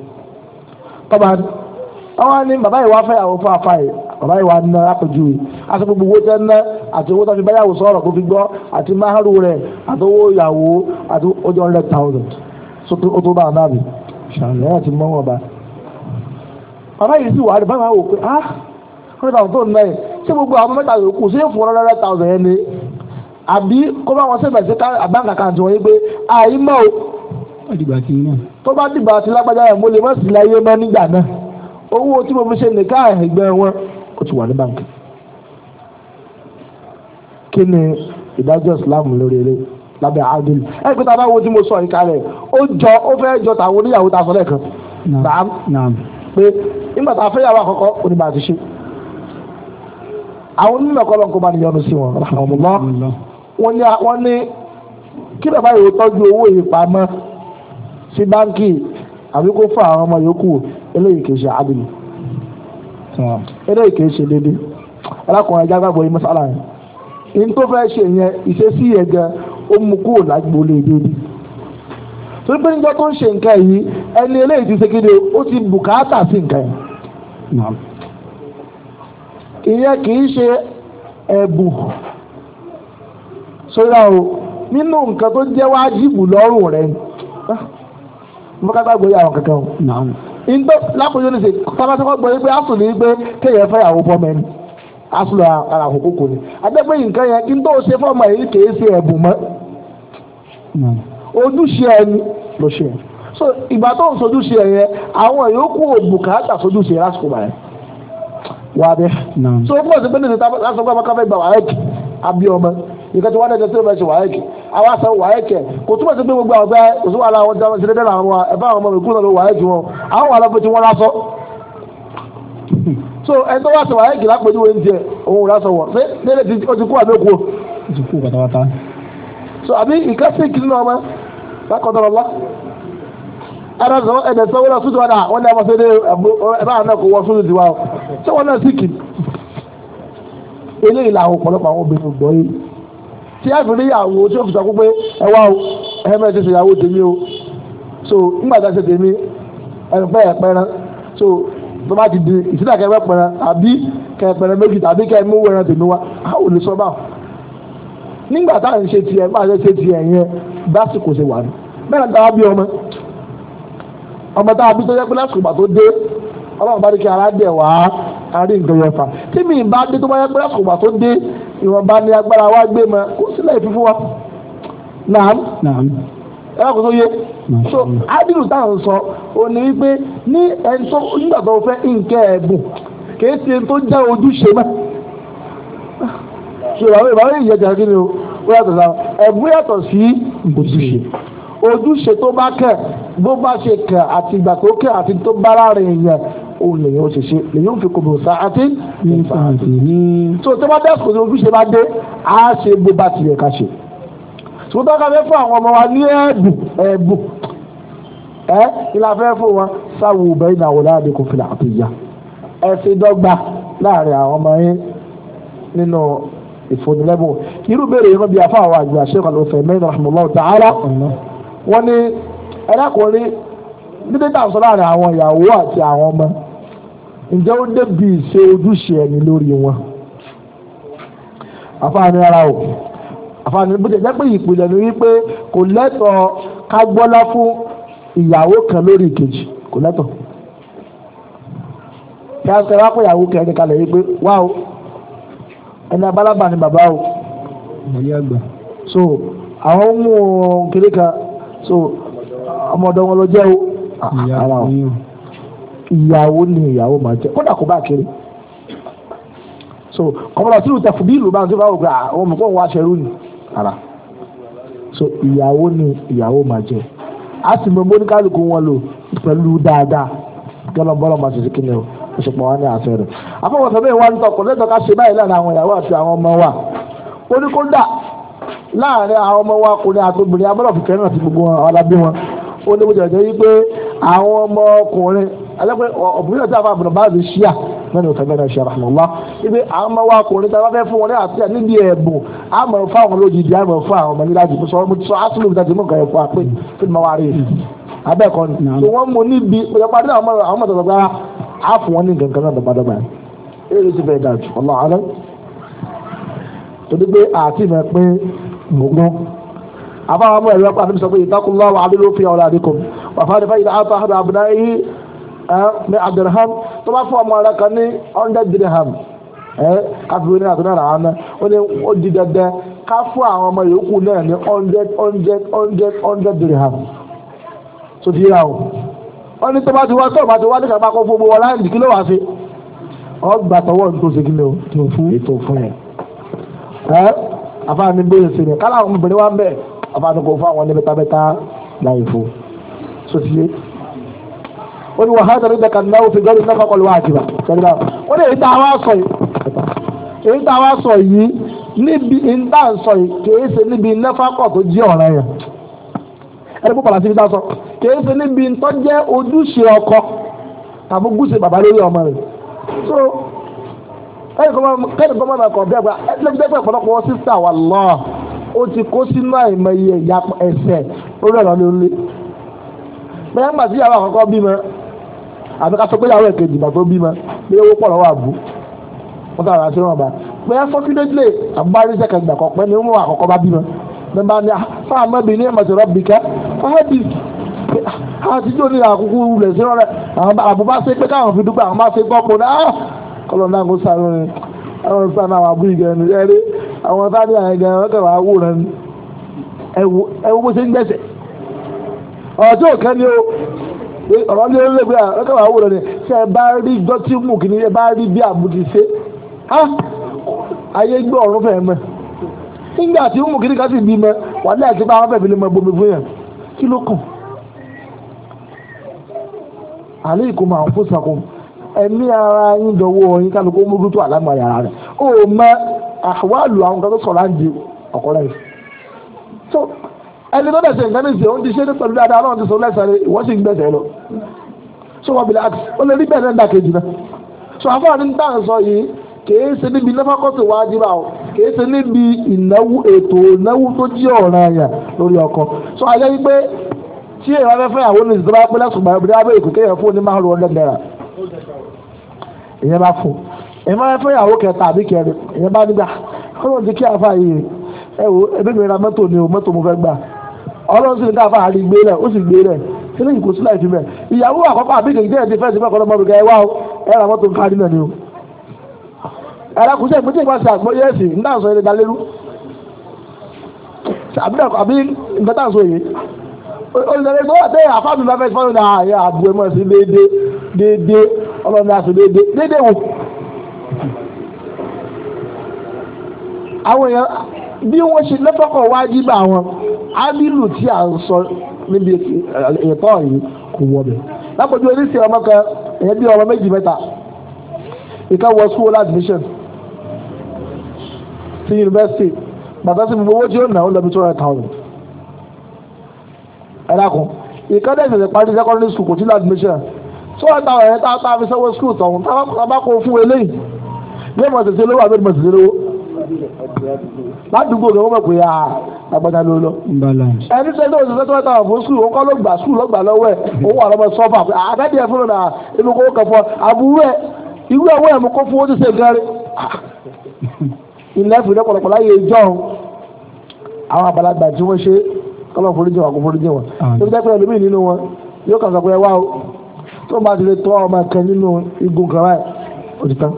tọ́ba táwọn ní bàbá yìí wá fẹ́yàwó fún afá yìí bàbá ìwà ná àpèjúwe aṣọ gbogbo owó tẹ́ ná àti owó tàbí báyàwó sọ̀rọ̀ kó ati gbọ́ àti máhàrú rẹ̀ àti owó ati àti ojú hundred thousand otu ụba tó bụ àná àbí ṣàlẹ́ àti ọba. bá. bàbá yìí sì ah hundred thousand gbogbo àwọn mẹ́ta yòókù ṣé fún thousand kan ti wà ní báńkì kí ni ìdájọ́ islam lórí eré lábẹ́ adil ẹ pé tàbá wo tí mo sọ ìka rẹ̀ ó jọ ó fẹ́ jọ tàwọn oníyàwó ta sọ lẹ́ẹ̀kan tààm pé nígbà tá a fẹ́ yàwó àkọ́kọ́ oníbà ti ṣe àwọn onímọ̀ kọ́lọ̀ kó bá ní yọnu sí wọn wọ́n ní kí bàbá yòó tọ́jú owó ìpamọ́ sí báńkì àbí kó fún àwọn ọmọ yòókù eléyìí kì í ṣe adil. eléyìí ike ṣe dédé alákùnrin ajá gbàgbọ́ yìí mọ́sálà yẹn ní tó fẹ́ ṣe yẹn ìṣesí yẹn gan ó mú kúrò lágbóolé dédé torí pé níjọ́ tó ń ṣe nǹkan yìí ẹni eléyìí ti ṣe ó ti bùkátà sí nǹkan yẹn ìyẹn kìí ṣe ẹ̀bùn sóyá o nínú nǹkan tó jẹ́ rẹ̀ ìgbẹ́ lápòjú ní gbọ́ pé asùn ní kéèyàn ara ni adẹ́gbẹ́ nǹkan yẹn kí n tó ṣe fọ́ọ̀mù yìí kì í ṣe ẹ̀bùn mọ́ ojúṣe ẹni ló ṣe so ìgbà tó ń sojúṣe ẹ̀ àwọn yòókù sojúṣe lásìkò wà á so ó pọ̀ sí pé ní ìta lásìkò nǹkan tí wọ́n dẹ̀ tẹ́lẹ̀ bẹ́ẹ̀ ṣe wáyẹ̀kì àwọn àṣà wáyẹ̀kì kò túbọ̀ sí pé gbogbo àwọn bẹ́ẹ̀ òṣù wà láwọn dáwọn ṣe déédéé àwọn ẹ̀bá àwọn ọmọ mi kúrò lọ wáyẹ̀kì wọn àwọn wà lọ́pọ̀ tí wọ́n lásọ. so ẹni tó wá ṣe wáyẹ̀kì lápẹ̀jú wo ń tiẹ̀ òun ò lásọ wọn ṣé nílẹ̀ tí ti o. ti kú pátápátá. so àbí ìkásíkì nínú ọmọ lákọ̀ọ́dọ̀rọ̀ lọ ara sọ ẹdẹ sọ wọn náà sùn tiwa náà wọn náà wọn sọ ẹdẹ ẹbá náà kò wọ sùn tiwa làwọn ọ̀pọ̀lọpọ̀ àwọn obìnrin gbọ́ yìí tí a fi rí ìyàwó tí ó fi sọ pé ẹ wá o ẹ mẹ́rin ti ṣe ìyàwó tèmi o so nígbà tá a ṣe tèmi ẹnu pẹ́ ẹ̀pẹ́rẹ́ so tó bá ti di ìsìnà kẹfẹ́ pẹ̀rẹ́ àbí kẹfẹ́rẹ́ méjì tàbí kẹ́ mú wẹ̀rẹ̀ tèmi wá a ò lè sọ bá wọn. nígbà tá à ń ṣe tiẹ̀ bá a ṣe ṣe tiẹ̀ yẹn básìkò ṣe wà ní bẹ́ẹ̀ tá a bí ọmọ ọmọ tá a bí tó yẹ pé lásìkò àárín nǹkan yẹn fà tí mi bá dé tó bá yẹ pé àkùgbà tó dé ìwọ̀nba ni agbára wa gbé mọ kó sílẹ̀ ìfún fún wa. naam ẹ bá kó tó yé so adilu táwọn sọ òní wípé ní ẹni tó nígbà tó fẹ́ nǹkẹ́ ẹ̀bùn kìí ṣe tó jẹ́ ojúṣe mọ́ ṣe ìbáwí ìbáwí ìyẹ̀jà kí ni o ó yàtọ̀ sáà ẹ̀bùn yàtọ̀ sí ojúṣe ojúṣe tó bá kẹ̀ bó bá ṣe kẹ̀ àti ìgbà tó kẹ̀ àti tó bá láàrin yẹn òun lèyìn ó ṣe ṣe lèyìn ó fi kò bò sáàtì ní sáàtì ní. tó tó bá dẹ́kun tó fi bá dé á ṣe bó bá tilẹ̀ ká ṣe. ṣùgbọ́n ká fẹ́ fún àwọn ọmọ wa ní ẹ̀bùn ẹ̀bùn ẹ̀ ìlà fẹ́ fún wọn sáwù bẹ́ẹ̀ náà wọlé àdínkù fìlà àti ìyá ẹ dọ́gba láàrin àwọn ọmọ yín nínú ìfòdìlẹ́bùn irú béèrè yìí wọ́n bí afọ àwọn àgbà ṣe kọ́lọ́ ǹjẹ́ ó débi ìṣe ojúṣe ẹni lórí wọn àfààní ara o àfààní bó ṣe jẹ́ pé ìpìlẹ̀ ni wípé kò lẹ́tọ̀ọ́ ká gbọ́lá fún ìyàwó kan lórí ìkejì kò lẹ́tọ̀ọ́ kí a sọ wá pé ìyàwó kẹrin kalẹ̀ wípé wá o ẹni abálábà ni bàbá o so àwọn ohun kiri kan so ọmọ ọ̀dọ̀ wọn ló jẹ́ o ah, ara o ìyàwó ni ìyàwó máa jẹ kódà kó bá kéré so kọmọdà sínú tẹfù bí ìlú bá ń tó bá wò pé ah, àwọn ọmọ kò wá aṣẹrú ara so ìyàwó ni ìyàwó máa jẹ a sì mọ mọ́níkálùkù wọn lò pẹ̀lú dáadáa gẹ́lọ́ bọ́lọ́ máa ṣèṣe kíni o ìṣùpọ̀ wọn ní àṣẹ rẹ̀ afọwọ́sọ bẹ́ẹ̀ wá ń tọkọ lẹ́tọ̀ọ́ ká ṣe báyìí láàrin àwọn ìyàwó àti àwọn ọmọ wa oníkóńdà láàrin àwọn ọmọ wa ọkùnrin àti obìnrin abọ́dọ̀ fìfẹ́ náà ti gbogbo àwọn wọn ó ní bó jẹ́ jẹ́ wípé àwọn ọmọ ọkùnrin alápẹ ọbùnrin tí a fa àbùnà bá ti ṣíà mẹ́rin òtẹ mẹ́rin ṣe àràmọlá ibi àwọn ọmọ wa kùnrin tí a bá fẹ́ fún wọn ní àti níbi ẹ̀bùn àmọ́ fún àwọn olójijì àmọ́ fún àwọn ọmọ níláàjì sọ mo ti sọ asúlù mi tàbí mo kàn yẹ fún apẹ fún mi wá rí i abẹ́ẹ̀kọ́ ni tí wọ́n mú níbi ìpàdé àwọn ọmọ tọ̀tọ̀ gbára á fún wọn ní nǹkan náà dọ̀gbàdọ̀gbà yẹn èyí ló ti fẹ́ dájú ọlọ́ àlọ́ torí pé àti ìmọ̀ pé gbogbo àbáwọn ọmọ ẹ̀rọ pàdé sọ pé Eh, ní abdulham tó bá fún ọmọ rẹ kan ní hundred dirham eh, káfíwé ní àtúndà rà ó ní ó di ká fún àwọn ọmọ yòókù náà ní hundred hundred hundred hundred dirham tó ti na o wọ́n ní tó bá ti wá tó bá ti wá ní kàmá fún gbogbo wọn láì ló wá sí ọgbà ní tó ṣe kí ni o tó fún ètò fún yẹn eh, àfáàní bóyá sí ni kálá àwọn wa ń bẹ̀ àfáàní kò fún àwọn ní láì fún wọ́n ní wọ́n hàn rí dẹ̀ka náà fi gọ́rí náà kọ́kọ́ lọ́wọ́ àjìbá sẹ́yìnbá wọ́n ní èyí tá a wá sọ yìí èyí tá a wá sọ yìí níbi ìta sọ yìí kìí ṣe níbi nẹ́fàkọ̀ tó jẹ́ ọ̀rẹ́ yẹn ẹni púpọ̀ láti fi dá sọ kìí ṣe níbi tó jẹ́ ojúṣe ọkọ tàbí gúúsè bàbá lórí ọmọ rẹ̀ so kẹ́ni kọ́ máa kọ̀ bẹ́ẹ̀ gba ẹgbẹ́ ọ̀pọ̀lọpọ̀ sísà wà lọ́ ó ti kó sínú àìmọye ẹ̀sẹ̀ lórí ọ̀nà lórí àbí ká sọ pé yàrá èkejì ìgbà tó bímọ pé owó pọ̀ lọ́wọ́ àbú wọ́n sọ àrà sí wọn bá pé fọ́kídéjìlè àbúbáríṣẹ́ kan ìgbà kọ̀pẹ́ ni wọ́n àkọ́kọ́ bá bímọ bẹ́ẹ̀ ni ah, fáàmọ́ bíi ní ẹ̀mọ̀tì rọ́bì ká fáàbì àti tí ò ní àkókò rẹ̀ sí rẹ̀ àbúbá ṣe pé káwọn fi dúpẹ́ àwọn bá ṣe gbọ́ pọ̀ náà ah, kọ́lọ́ náà kó sáré rẹ̀ àwọn sáré àwọn àbúrò ìgbẹ́ni ẹ̀rí àwọn sáré àwọn ìgbẹ́ni wọ́n kẹwàá wò rẹ̀ ẹ̀wọ́ bó ṣe ń gbẹ̀sẹ̀ ọ̀jọ́ kan ó ọ̀rọ̀ ní ẹlẹ́gbẹ́ gbé ah, ọ̀rọ̀ káwá wúrọ̀ ni ṣe ẹ bá rí ijọ́ tí mú kí ni ẹ bá rí bí àbùdí ṣe á ayé gbé ọ̀run fẹ́ mọ́ nígbà tí mú kí ni ká sì bí mọ́ wà ní àti bá wọn fẹ́ fi lè mọ bomi fún yàn kí ló kàn àlẹ́ ìkó máa ń fún sàkóso ẹ̀mí ara yín dọ̀wọ́ yín kálukú mójútó àlámọ̀ yàrá rẹ̀ ó mọ àwálù àwọn kan tó sọ̀rọ̀ àǹdí ẹni tó dẹ̀sẹ̀ nǹkan níṣẹ́ òun ti ṣe ní pẹ̀lú dáadáa ọlọ́run ti sọ lẹ́sẹ̀ rẹ ìwọ́n sì ń gbẹ̀sẹ̀ lọ so wọ́n bìlẹ̀ àti ó lè rí bẹ́ẹ̀ náà dàkejì náà so àfọwọ́n ní tá à ń sọ yìí kìí ṣe níbi nafakọ́tì wájibà o kìí ṣe níbi ìnáwó ètò ìnáwó tó jí ọ̀ràn àyà lórí ọkọ so àyẹ́ wípé tí èèyàn bá fẹ́ fẹ́ àwọn olùsìn tó bá pẹ́ lẹ́sùn gbàgbé abẹ́ wo ẹbí mi ra mọ́tò ni o mọ́tò mo fẹ́ gbà ọlọ́run sì ní káfà àrí gbé rẹ̀ ó sì gbé rẹ̀ kí ni kò sílẹ̀ ìfimẹ̀ ìyàwó àkọ́kọ́ àbí kèké jẹ́ ìdífẹ́sì fẹ́ kọ́lọ́mọ́ mi kẹ́ wá o ẹ ra mọ́tò kárí náà ni o. ẹ̀rọ̀kùnṣẹ́ ìpínlẹ̀ ìgbà sí àgbọ̀ yẹ́sì ń dáhùn sọ ilé dalérú àbí nǹkan táà sọ yìí olùdarí tó wà tẹ́yà fáàmì bá fẹ́ fọ́nà àyà ah, àbúrò mọ́ sí déédé déédé ọlọ́run náà sí déédé déédé wò. àwọn èèyàn bí wọ́n ṣe lẹ́fọ́kọ̀ wá jígbà wọn ábílù tí à ń sọ níbi ètò eh, yìí kò wọ́bẹ̀ lápòjú oníṣẹ́ ọmọ kan ẹ̀yẹ́ bí ọmọ méjì mẹ́ta ìkan wọ school admission sí yunifásitì bàtà sí gbogbo owó tí ó nà ó lọ bí two hundred thousand ẹ̀dá kan ìkan dẹ̀ ṣẹ̀ṣẹ̀ parí secondary school kò tí lọ admission two hundred thousand ẹ̀yẹ́ tá a fi sanwó school tọ̀hún tá a bá kó fún eléyìí yóò mọ̀ ṣẹ̀ṣẹ̀ lówó àbẹ́rẹ́ mọ̀ ṣẹ̀ṣẹ̀ lówó ládùúgbò rẹ̀ wọ́n mọ̀ pé àgbàdà ah, ló lọ. ẹni tẹ́ ní òṣìṣẹ́ tó wá tàwọn fún sùúrù òkọ́ ló gbà sùúrù lọ́gbà lọ́wọ́ ẹ̀ òun wà lọ́mọ sọ́fà ah, àtẹ́tẹ́ ẹ̀ fúnra ah, ẹni kò kàn fún àbúrò ẹ̀ irú ẹ̀wọ́ ẹ̀ mú kó fún ó ti ṣe gẹ́rẹ́. ilẹ̀ fìdí ọ̀pọ̀lọpọ̀ láyé ìjọ àwọn àgbàlagbà tí wọ́n ṣe kọ́lọ̀ foríjì wọn kò foríjì wọn tó fi jẹ́ pé ẹlòmíì nínú wọn yóò kàn sọ pé ẹ wá o tó bá ti lè tọ́ ọmọ kan nínú igun kan báyìí ó ti tán.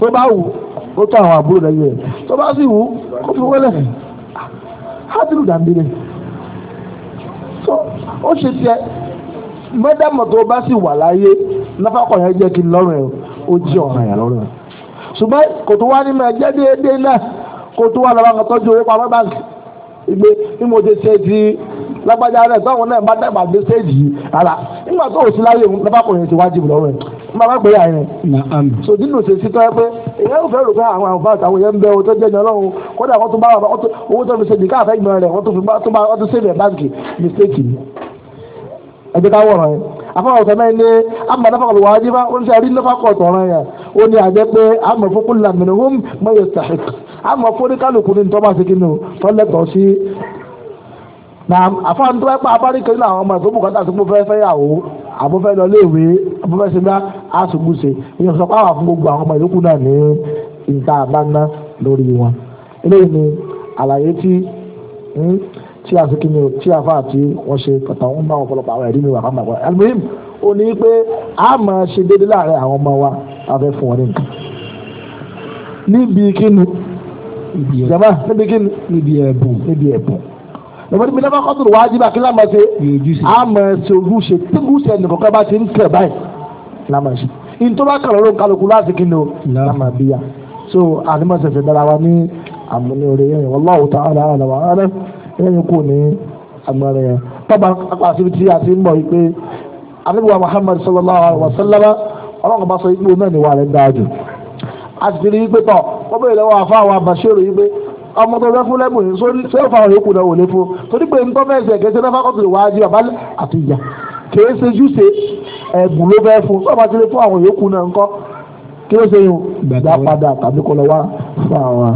tó bá wù ó tó àwọn àbúrò lẹ́yìn ẹ̀ tó bá sì wú kó fi wẹ́lẹ̀ hátìlù dàbílẹ̀ tó ó ṣe tiẹ̀ mẹ́dàmọ̀ tó bá sì wà láyé náfàkọ̀ yẹn jẹ́ kí n lọ́rùn ẹ̀ ó jẹ́ ọ̀ràn yẹn lọ́rùn ẹ̀ ṣùgbọ́n kò tó wá ní mẹ́ jẹ́ náà tó lọ́wọ́ àwọn tọ́jú owó pamọ́ báńkì ìgbé ní mo ti ṣe ti lágbájá rẹ̀ náà bá bàbá gbé yàrá yẹn. sòdí nù ṣe sí tọ́ ẹ pé èyàn ò fẹ́ rò pé àwọn àwọn fáwọn àwọn yẹn ń bẹ owó tó jẹ́ ní ọlọ́run kódà wọ́n tún bá owó tó fi ṣe nìkan àfẹ́ ìgbìmọ̀ rẹ̀ wọ́n tún fi tó bá wọ́n tún ṣe rẹ̀ báńkì mistake ni. ẹ jẹ́ ká wọ̀rọ̀ yẹn afọwọ́ ọ̀sẹ̀ mẹ́rin ní àmọ́ náfà kọ̀ọ̀bù wájú bá ó ń ṣe àrí náfà kọ̀ọ̀tọ̀ ọ̀rọ̀ yẹn ó ní àjẹ́ pé àmọ́ fún kúlà mìíràn mọ́ yóò tàhík àmọ́ fún oníkálukú ní o tọ́ lẹ́tọ̀ọ́ sí na àfọwọ́n àbúfẹ́ lọ léèwé àbúfẹ́ ṣe bá aṣògùnṣe ìyẹn sọ pé àwọn fún gbogbo àwọn ọmọ ìlú kù náà ní ìta àbáná lórí wọn eléyìí ni àlàyé tí hmm, tí a sì kí ni o tí a fà tí wọ́n ṣe pàtàkì wọn bá wọn ọ̀pọ̀lọpọ̀ àwọn ẹ̀rí mi wà fáwọn àgbà alimoyim ó ní pé a máa ṣe déédéé láàrin àwọn ọmọ wa a fẹ́ fún wọn ní nǹkan níbi kíni jama níbi kíni níbi ẹ̀bùn níbi ẹ̀bùn lọ́wọ́ níbi lẹ́fọ́ kọ́tùrù wá jí bá kí lámà ṣe àmà ṣe ojúṣe tí gúúsù ẹnì kọ̀ọ̀kan bá ti ń tẹ̀ báyìí lámà ṣe ìtọ́ba kàlọ́ ló ń kálukú láti kí ni o lámà bíyà so àdìmọ̀ ṣẹ̀ṣẹ̀ dára wa ní àmúlẹ̀ orí yẹn wallahu ta'ala àlà wà rẹ̀ yẹn kò ní agbára yẹn tọ́ba apá àṣíbitì àti ń bọ̀ yìí pé àdìbò Muhammad sallallahu alaihi wa sallama ọlọ́run bá sọ yìí pé òun náà ni wà rẹ̀ dáa jù àti ti rí i pé tọ̀ wọ́n bẹ̀rẹ̀ lọ́wọ́ àfa àwọn àbàṣẹ́rò yìí pé ọmọ tó fẹ́ fún lẹ́bùn yìí sórí tí ó fa òye kù náà ò lè fún torí pé nǹkan fẹ́ ṣe kẹsẹ́ náà fákọ́tù ìwà ajé bàbá àti ìyá kìí ṣe júṣe ẹ̀bùn ló fẹ́ fún sọ́ọ̀bà ti lè fún àwọn yòókù náà ńkọ́ kí ló ṣe yun gbàdá padà tàbí kó lọ wá fún àwọn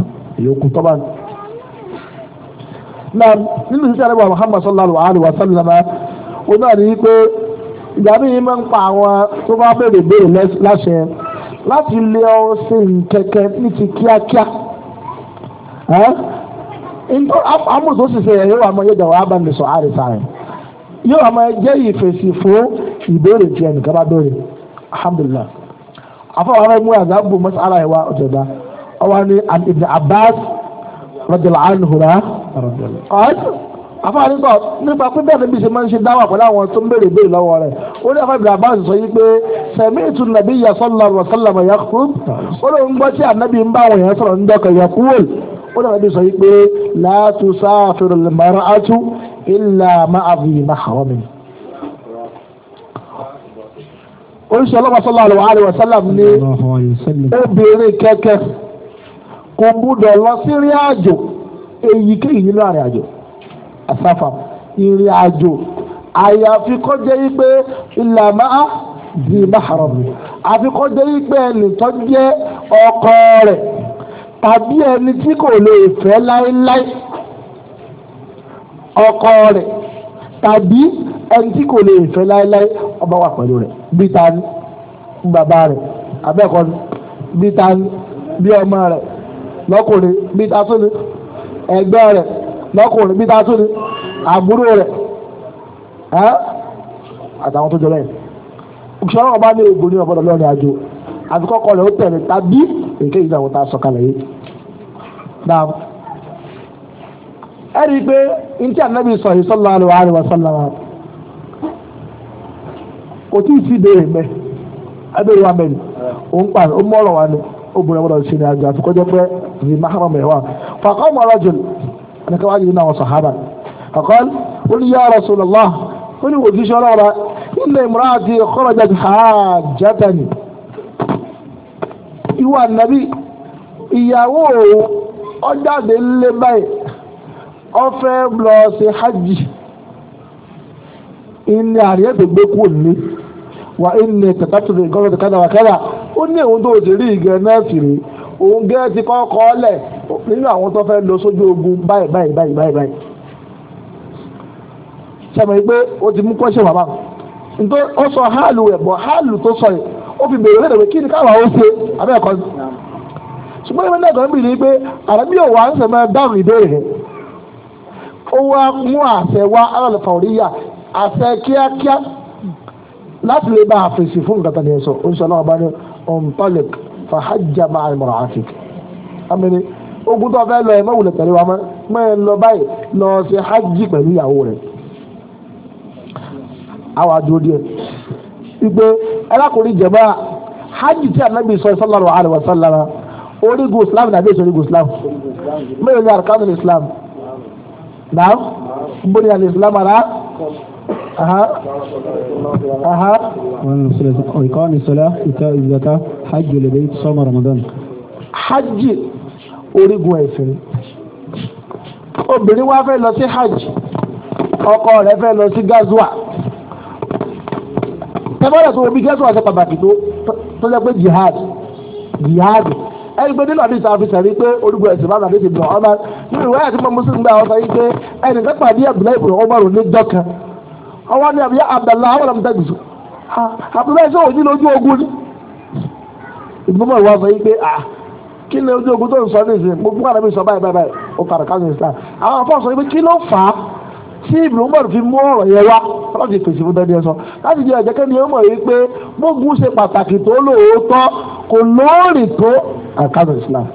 yòókù tọ́ba náà nínú ìṣẹ́ àlẹ́ wa Muhammad sallallahu alayhi wa sallam ó náà ní pé ìgbà míì máa ń pa àwọn tó bá béèrè béèrè láṣẹ láti lé ọ sí nkẹkẹ ní kíákíá amúdó sísè yẹn yóò àmọ́ yẹjọ wàá bá mi sọ àárẹ sáré yóò àmọ́ jẹ́ ìfèsì fún ìbéèrè tí ẹnìkan bá béèrè alhamdulilah afọwọ́ àwọn ẹ̀mú àgbà bù mọ́sálà o wá ọ̀jọ̀gbá ọwọ́ ni ibn abbas rọ̀jọ̀lá ànúhùrà afọwọ́ nípa nípa pé bẹ́ẹ̀ níbi ṣe máa ń ṣe dáwà pẹ̀lú àwọn tó ń béèrè béèrè lọ́wọ́ rẹ̀ ó ní afọwọ́ ibn abbas sọ yìí pé sẹ̀mìtì nàbí yasọ́lá rọ̀sálàmù yakub ó lóun gbọ́ tí ànábì ń bá àwọn èèyàn sọ̀rọ̀ ń dọ́kọ̀ yakub ó dàbí sọ yìí pé láti sáfìrì mara atu ilà máa fi mahram. oríṣi ọlọ́pàá sọ́lá àlọ́ àlọ́ wàsálàm ní obìnrin kẹ́kẹ́ kò gbúdọ̀ lọ sí ìrìn àjò èyíkéyìí nínú àrìn àjò àsáfà ìrìn àjò àyàfi kó jẹ́ yí pé ilà máa di mahram àfi jẹ́ yí pé ẹnì tó jẹ́ ọkọ rẹ̀ tàbí ẹni tí kò lè fẹ́ láéláé ọkọ rẹ̀ tàbí ẹni tí kò lè fẹ́ láéláé ọba wà pẹ̀lú rẹ̀ bí ta ni bàbá rẹ̀ abẹ́ẹ̀kọ́ ni bí ta ni bí ọmọ rẹ̀ lọ́kùnrin bí ta tún ni ẹgbẹ́ rẹ̀ lọ́kùnrin bí ta tún ni àbúrò rẹ̀ àtàwọn tó jọ bẹ́ẹ̀ òṣèlú ọba ní ègbò ní ọ̀bọ̀dọ̀ lọ́rin àjò àfi kọ́kọ́ rẹ̀ ó tẹ̀lé tàbí èké ìjà wọn tá a sọ kalẹ̀ yìí. dáa ẹ rí i pé ntí ànábì sọ yìí sallallahu alaihi wasallam kò tí ì sí ìbéèrè mẹ́ abẹ́rẹ́ wa mẹ́rin òun pa ó mọ̀rọ̀ wa ni ó bùrẹ̀ wọ́n lọ sí ní àjọ àfi kọjá pé ní mahram ẹ̀ wà. faqama rajul ẹnìkan wájú nínú àwọn sàhábà faqal ó ní ya rasulullah ó ní òjíṣẹ́ ọlọ́run ilé imraati kharajat hajjatani. wà nàbí ìyàwó ọjáde lé báyìí ọfẹ́ lọ ṣe ìní àríyá tó gbé kúrò ní wà ìní tàkàtù gọ́ọ̀rọ̀ ó ní tó ti rí ìgẹ̀ náà sì rí òun gẹ́ ti lẹ̀ nínú àwọn tó fẹ́ ogun báyìí báyìí báyìí báyìí ti mú kọ́ṣẹ́ nítorí ó sọ ó fi bèrè lẹ́dọ̀ pé kí ni káwa ó ṣe abẹ́ẹ̀kọ́ ni. ṣùgbọ́n ìwé náà kàn ń bìrì pé àrẹ́bí ò wá ń sẹ̀ máa dáhùn ìbéèrè rẹ̀ ó wá mú àṣẹ wá alálùfà òríyà àṣẹ kíákíá láti lè bá a fèsì fún nǹkan tani ẹ̀sọ́ oṣù aláwọ̀ bá ní ọ̀npálẹ̀k fàhájà máa ń mọ̀ràn àfik. amẹ́ni ogun tó fẹ́ lọ ẹ̀ mọ́wùlẹ̀ pẹ̀lú wa mọ́ ẹ lọ báyìí wípé ẹlákùnrin jẹ̀mọ́ hajj tí anabi sọ sallallahu alaihi wasallam orígun islam nàbí èso orígun islam mẹ́rin ní arkanu islam náà gbóni àti islam ara. ìkọ́ni sọlá ìta ìzàká hajj lè dé sọmọ ramadan. hajj orígun ẹ̀sìn obìnrin wa fẹ́ lọ sí hajj ọkọ rẹ̀ fẹ́ lọ sí gazwa tẹ́bọ́dà tó omi jésù àti pàtàkì tó tó pé jihad jihad ẹni pé nínú àdìsá fi sẹ̀rí pé olùgbò ẹ̀sìn bá nàdí ti bọ̀ ọ́nà nínú ìwé àti mọ́ mùsùlùmí gbà ọ̀sán yìí pé ẹni tó pàdé Abdullahi ibùdó ọmọ rò ní dọ́kan ọwọ́ ni àbíyá Abdullahi àwọn ọmọ tẹ́gùsù Abdullahi sọ òjì lójú ogun ni ìgbìmọ̀ ìwà sọ yìí pé ah kí ni ojú ogun tó ń sọ ní ìsìn mo fún àdàbí sọ báyìí báyìí ó kàrọ̀ káwọn ìsìn àwọn afọ́ sọ yìí pé kí ló fà á tí Ibn Umar fi mú ọ̀rọ̀ yẹn wá ọlọ́run ti fèsì fún tẹ́lẹ̀ ẹ sọ láti jẹ́ ẹ̀jẹ̀ kẹ́ni ó mọ̀ yìí pé gbógun ṣe pàtàkì tó lóòótọ́ kò lóòrì tó àkàdùn Islam.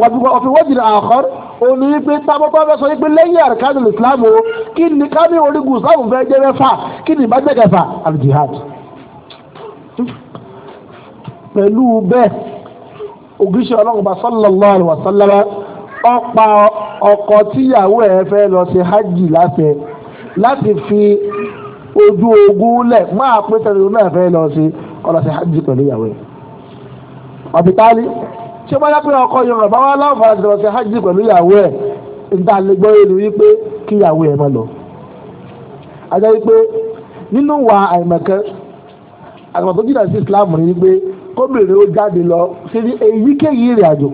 wàfíwọ́fíwọ́ jìnnà àkọ́rọ́ òní pé tábọ́tọ́ bẹ́ sọ pé lẹ́yìn àrùkánù ìsìláàmù kí ni ká ní orígun ìsìláàmù fẹ́ jẹ́ mẹ́fà kí ni ìbájẹ́ kẹfà àti jihad. pẹ̀lú bẹ́ẹ̀ ògíṣẹ́ ọlọ́run ọkọ tíyàwó ẹ fẹ́ lọ ṣe hajj láfẹ láti fi ojú ogun lẹ̀ máa pé tẹ̀lé náà fẹ́ lọ ṣe ọlọ ṣe hajj pẹ̀lú ìyàwó ẹ̀. ọ̀bìtálí ṣé wọ́n yá pé ọkọ yorùbá wa láǹfààní lọ ṣe hajj pẹ̀lú ìyàwó ẹ̀ níta lè gbọ́ èlò wípé kíyàwó ẹ̀ mọ́ lọ. ajá wípé nínú wa àìmọ̀kẹ́ àgbàdo jìnnà sí islam ni wípé kóbìnrin ó jáde lọ sí èyíkéyìí ìrìn àjò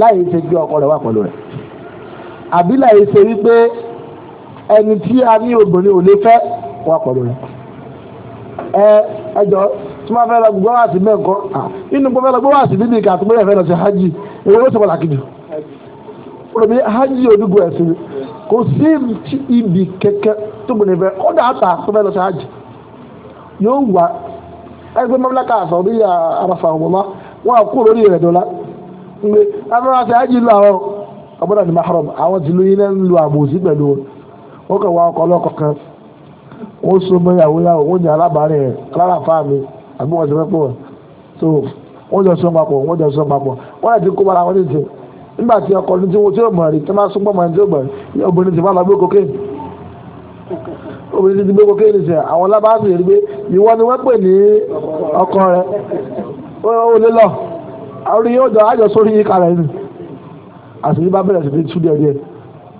láì ṣe gbé ọkọ rẹ̀ wà pẹ̀lú rẹ̀. àbílà yìí ṣe wípé ẹni tí a ní obìnrin ò lè fẹ́ wà pọ̀lú rẹ̀ ẹ a tí wọ́n fẹ́ lọ gbọ́ wá sí bẹ́ẹ̀ kọ́ inú gbọ́ fẹ́ lọ gbọ́ wá sí bíbí ìka àtúgbò ẹ̀fẹ́ lọ sí hajj èwo ló ṣe pàtàkì jù olùbí hajj odúgbò kò sí ibi tó tó lọ sí hajj yóò wà àràfà wọn àkúrò lórí ń gbé hajj lọ àwọn ọgbọ́dọ̀ ní mahram àwọn ti lóyún lẹ́nu àbòsí pẹ̀lú ó kàn wá ọkọ̀ ọlọ́kọ̀ kan ó so mọ́ ìyàwó yàwó ó ní alábàárẹ̀ aláàfà mi àbí wọ́n ti fẹ́ pọ̀ so wọ́n jọ sọ́n papọ̀ wọ́n jọ sọ́n papọ̀ wọ́n láti kó bára wọn ní ti nígbà tí ọkọ̀ ní tí wọ́n tí mọ̀ rí tí wọ́n sún pọ̀ ní tí ó mọ̀ rí obìnrin ti bá lọ gbé kókè obìnrin ti gbé kókè ní sẹ́ àwọn lábàárẹ̀ rí àṣírí bá bẹ̀rẹ̀ sí fi tú díẹ̀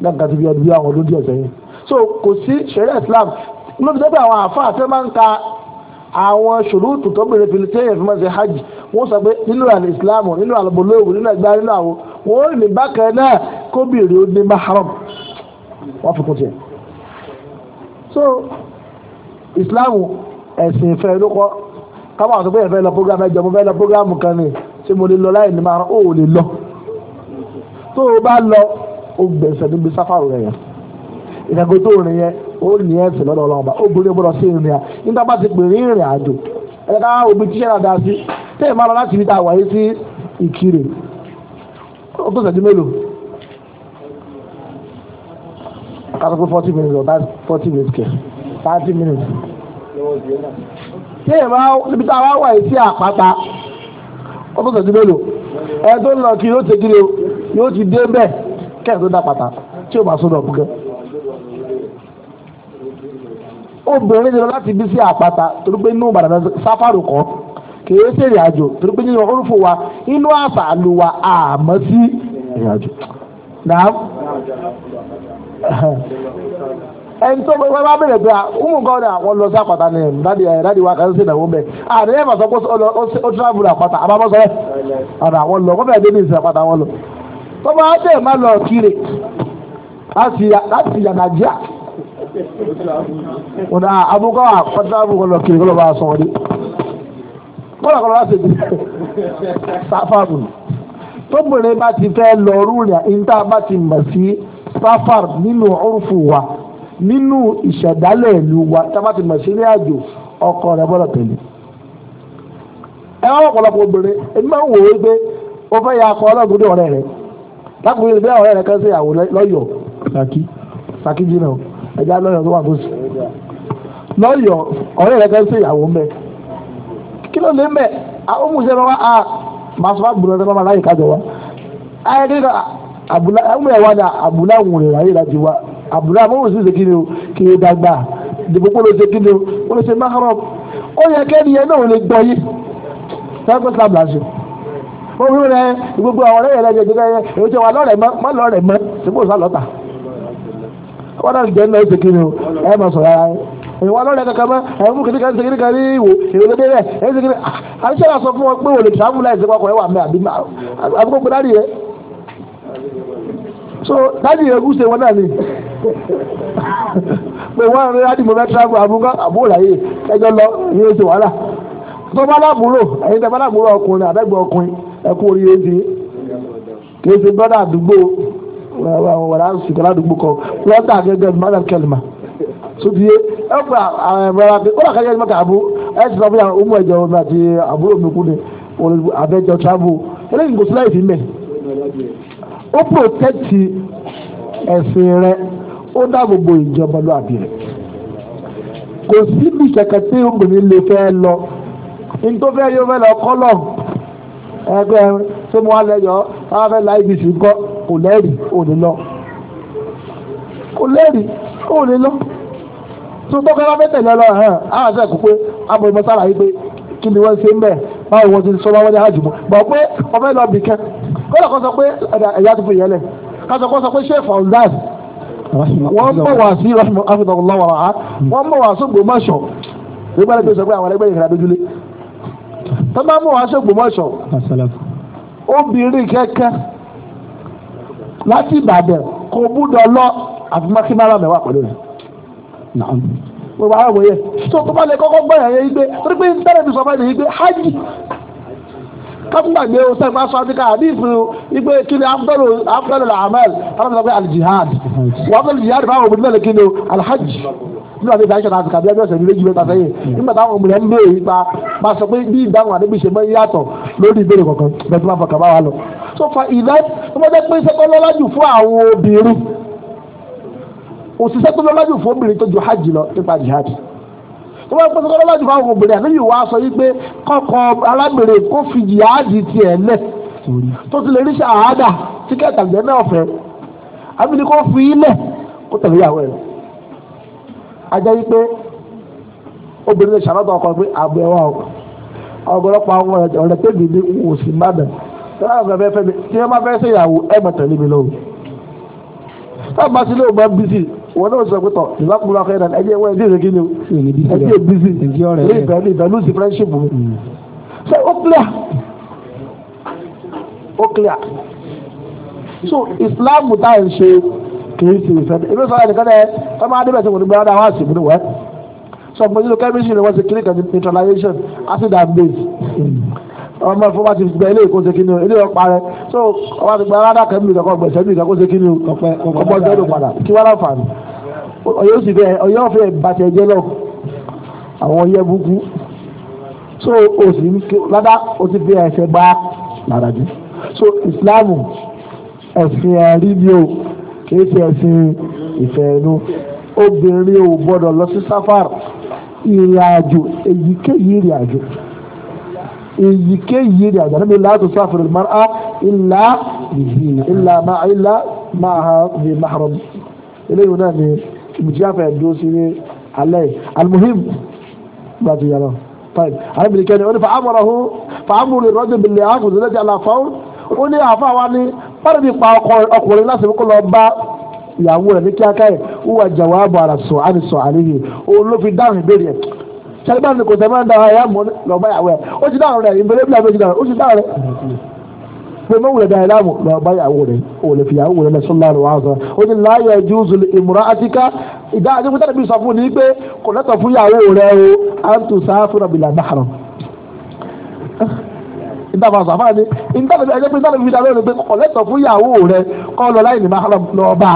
díẹ̀ ti fi ọdún bí àwọn ọdún díẹ̀ sẹ́yìn so kò sí ṣẹ̀ríà Islam ló fi jẹ́ pé àwọn àfa àti máa ń ka àwọn ṣòrúùtù tó bèrè fìlì téèyàn fi máa ṣe hajj wọ́n sọ pé nínú àlè Islam nínú àlùbọ̀lóòwò nínú ẹgbẹ́ nínú àwọn wọ́n rìn ní bákan náà kóbìnrin ó ní mahram wọ́n fi kún tiẹ̀ so Islam ẹ̀sìn ìfẹ́ ló káwọn àtúgbò yẹn fẹ́ lọ program ẹjọ́ mo fẹ́ lọ program kan ni ṣé mo lè lọ láì ní mahram ó lè lọ. tó o bá lọ o gbẹ̀sẹ̀ níbi sáfàrò rẹ̀ yẹn ìdàgbò tó rìn yẹn ó ní ẹ̀sìn lọ́dọ̀ ọlọ́run bá obìnrin gbọ́dọ̀ sí ìrìn nígbà bá ti pè ní lọ láti ibi tá a wáyé sí ìkirè ó tó ṣẹ́jú mélòó kátó pé forty minutes or forty minutes kẹ thirty minutes tẹ́ẹ̀ máa níbi tá a kiri yóò ti dé bẹ́ẹ̀ kẹ́ẹ̀ tó dá pàtà tí ó bá sọ̀rọ̀ bùkẹ́. obìnrin lọ láti bí sí àpáta torí pé inú ìbàdàn sáfàrù kan kìí ṣe ìrìn àjò torí pé nínú wa inú àṣà àlù wa àmọ́ sí ìrìn àjò. ẹni tó bá bá bèrè pé ọmọ nǹkan ọ̀dà lọ sí àpáta ni dáàdi ẹ̀ eh, dáàdi wa kàn sí àdéhùn sọ pé ó àpáta àwọn lọ wọ́n tọ́ba bẹ́ẹ̀ má lọ kiri láti yà nàìjíríà wọn náà abúkọ́ àkọ́tà abúkọ́ lọ kiri kọ́lọ́ bá a sọ wọn dé kọ́lọ́ kọ́lọ́ bá a sèdí sáfàbù tóbìnrin bá ti fẹ́ lọ rúrìà níta bá ti mọ̀ sí sáfàr nínú orúfù wa nínú ìṣẹ̀dálẹ̀ ìlú wa tá bá ti mọ̀ sí ilé àjò ọkọ rẹ̀ gbọ́dọ̀ tẹ̀lé ẹ wá ọ̀pọ̀lọpọ̀ obìnrin èmi máa ń wò ó pé ó fẹ́ ya akọ ọlọ́gbọ́dọ̀ ọ̀rẹ́ rẹ̀ lákùnrin ìgbé ọ̀rẹ́ rẹ̀ kẹ́sẹ̀ ìyàwó lọ́yọ̀ sàkí sàkí jìnnà ẹ̀já lọ́yọ̀ tó wà tó sùn lọ́yọ̀ ọ̀rẹ́ rẹ̀ kẹ́sẹ̀ ìyàwó mẹ́ kí ló lè mẹ́ àwọn ọmọọṣẹ́ bá wà á máa sọ àbúrò ẹ̀rọ máa láyè kájọ wa ayẹyẹ ní àbúlá ẹ̀mú ẹ̀wá ni àbúlá òun rẹ̀ láyè láti wa àbúlá àwọn òṣìṣẹ́ ṣe kí ni o kì í dàgbà dìbò kó ló ṣe kí ni o ó ló ṣe máhárọ̀ ó yẹ kẹ́ni yẹn náà ò lè gbọ́ yìí fẹ́ẹ́ pẹ́ sábà òun rẹ gbogbo àwọn ọ̀rẹ́ rẹ jẹjẹrẹ rẹ èyí wà lọ́rẹ̀ mọ́ mọ́ lọ́rẹ̀ mọ́ sípò sá wọ́n náà jẹ́ náà ṣèkí ni o ẹ mọ̀ sọ̀rọ̀ ara èyí wà lọ́rẹ̀ kankan mọ́ ẹ̀ mú kìnnìkan ṣèkí nìkan ní ìwò èyí ló dé rẹ̀ ẹ̀ ṣèkí àṣẹ àṣọ fún wọn pé wò lè travel láì sẹ́kọ̀ọ́ ẹ̀ wà mẹ́ àbí àbúkọ́ pé dáàdì yẹ so dáàdì wọn náà ni <laughs> pé wọ́n rí dáàdì mo fẹ́ travel àbúkọ́ àbúrò láyé ẹjọ́ lọ ìyẹn ṣe wàhálà tó bá láàbúrò ẹ̀yin tẹ bá láàbúrò ọkùnrin àbẹ́gbẹ́ ọkùnrin ẹkú oríire ti kì í ṣe brọ́dà àdúgbò wàrà sùkúrà àdúgbò kan brọ́dà gẹ́gẹ́ mọ́tà kẹlìmà sotie ẹkú àmàlà pé kọ́dà kẹ́kẹ́ mọ́tà àbú ẹ ti sọ fún yàrá ọmọ ẹ̀jẹ̀ omi àti àbúrò mi kú ni àbẹ̀jọ travel eléyìí kò sí láì fi mẹ́ ó protect ẹ̀sìn rẹ̀ ó dáàbò bo ìjọba lóàbí rẹ̀ kò síbi kẹ̀kẹ́ tí obìnrin lè fẹ́ lọ nítorí fẹ́ yóò fẹ́ lọ kọ́lọ̀ ẹgbẹ́ ẹrin tó mú wá lẹ́yọ̀ táwọn fẹ́ la ibi sùn kọ́ kò lẹ́rìí ò ní lọ kò lẹ́rìí ò ní lọ tó tọ́kẹ́ bá fẹ́ tẹ̀lé lọ hàn án àti pé sára yìí pé kí ni wọ́n ṣe ń bẹ̀ báwo wọ́n ti sọ wọ́n ní àjùmọ̀ bọ̀ pé ọbẹ̀ lọ bì kẹ́ kọ́lá kan sọ pé ẹ̀yà tó fi kọ́ sọ wọ́n mọ̀ wá sí tó bá mú wá sógbòmọ̀ṣọ́ obìnrin kẹ́kẹ́ láti ìbàdàn kò gbúdọ̀ lọ àfi mákìmára mẹ́wàá pẹ̀lú rẹ̀ gbogbo àwọn òye tó tó bá lè kọ́kọ́ gbọ́ ẹ̀yẹ igbe torí pé tẹ́lẹ̀ bí sọ́mọ́ ẹ̀yẹ igbe hajj kápútàgbé o sẹ́gbà sọ àti káàdì ìfún igbe kíni afdọ́lù afdọ́lù làmẹ́l alábìlọ́gbẹ́ alìjihad wàá fẹ́ alìjihad báwo òbí mẹ́lẹ̀ kíni o alhajj nígbà tí ìdájọ́ náà ti kàbí ẹgbẹ́ ọ̀sẹ̀ méjì mẹ́ta sẹ́yìn nígbà táwọn ọmọ rẹ̀ ń béèrè nípa máa sọ pé bí ìdáhùn àdébí ṣe mọ́ yàtọ̀ lórí ìbéèrè kọ̀ọ̀kan bẹ́ẹ̀ tó máa fọkàn bá wa lọ. so fa ìlà ọmọdé pé sẹ́kọ́ lọ́lájú fún àwọn obìnrin òṣìṣẹ́ tó lọ́lájú fún obìnrin tó ju hajj lọ nípa jihad tó bá pẹ́ sẹ́kọ́ lọ́lájú fún àwọn obìnrin àbí yìí wá sọ yí pé kọ́kọ́ alábìnrin kó fi jihad tiẹ̀ lẹ̀ tó ti lè rí ṣàhádà tíkẹ́ẹ̀tì àgbẹ̀ náà fẹ́ àbí ni kó fi ilẹ̀ kó tẹ̀lé ìyàwó rẹ̀ ajá yí pé obìnrin lè ṣàlọ́tọ̀ ọkọ pé àbò ẹ̀wà o ọ̀gọ́lọ́pọ̀ àwọn ọ̀rẹ́ tẹ́lẹ̀ ní wò sí mbàdàn tẹ́lẹ̀ àwọn ọ̀fẹ́ fẹ́ mi tí wọ́n bá fẹ́ ṣe ìyàwó ẹ̀ mọ̀ tẹ̀lé mi lọ́wọ́ táwọn bá ti lé ògbà bísí wọn náà sọ pé tọ ìlàkùnrin akẹ́yẹ náà ẹ̀jẹ̀ wọ́n ẹ̀jẹ̀ ìrẹ́gí ni o ẹ̀jẹ̀ bísí ìfẹ́ ní ìfẹ́ lùsí friendship mi hmm. ṣe ó clear ó so Islam táà ń ṣe kìí ṣe ìfẹ́ni ebi sọ ẹnìkan ẹ ẹ máa débẹ̀ sí wòlúgbà náà wọ́n á sì múlò wẹ́ sọ pé nínú chemistry ni wọ́n ṣe clinical neutralization acid and base ọmọ ìfowópamọ́ ti gbẹ ilé ìkóso kí ni o ilé ọ̀pá rẹ so ọmọ ti gbẹ aládà kẹ́mi ìdàkọ̀ gbẹ̀sẹ̀ mi ìdàkọ̀ ṣe kí ni o ọmọ ọjọ́ ìlú padà kí wọ́n láǹfààní ọyọ́ sì fẹ́ ọyọ́ fẹ́ bàtẹ̀ jẹ́ lọ àwọn ọyẹ́ burúkú so o sì ń ké ládà o ti fi ẹsẹ̀ gbá làrá jù so ìsìláàmù ẹ̀sìn ẹ̀rí ni o kìí ṣe ẹ̀sìn ìfẹ́ inú obìnrin ò gbọ́dọ̀ lọ sí sáfàr ìrìn àjò èyíkéyìí ìrìn àjò èyíkéyìí ìrìn àjò àdàbí láti sáfàr mara ilà ilà máa ilà máa ha bí mahram eléyìí náà ni ìbùtí àfẹ́ dúró sí ní alẹ́ almuhim gbàtú yàrá طيب انا بنتكلم فامره فامر الرجل باللي اخذ الذي على فور ó ní àfáà wa ní fáwọn ibi pa ọkùnrin lásìkò kó lọ bá ìyàwó rẹ̀ ní kíákà yìí ó wà jàwáàbù àràsọ àrìsọ àríyè òun ló fi dáhùn ìbéèrè ẹ̀ sẹ́ni báyìí kò sẹ́ni máa ń da ara mọ́ lọ́ba ìyàwó ẹ̀ ó ti dáhùn rẹ̀ ìbéèrè bí abẹ́jì dáhùn ó ti dáhùn rẹ̀ pé mọ́wùlẹ̀ da ìlàmù lọ́ba ìyàwó rẹ̀ òun lè fi ìyàwó rẹ̀ lẹ́sùn láàrú wa sọ ó ti láyọ̀ jùzù ìmúra o à ń tù sáfù níta bá sọ àfáàní níta bá ẹgbẹ́ níta bá fi dáná lóore pé kọ̀lẹ́tọ̀ fún ìyàwó rẹ kọ́ lọ láì ní máa lọ́ọ́bà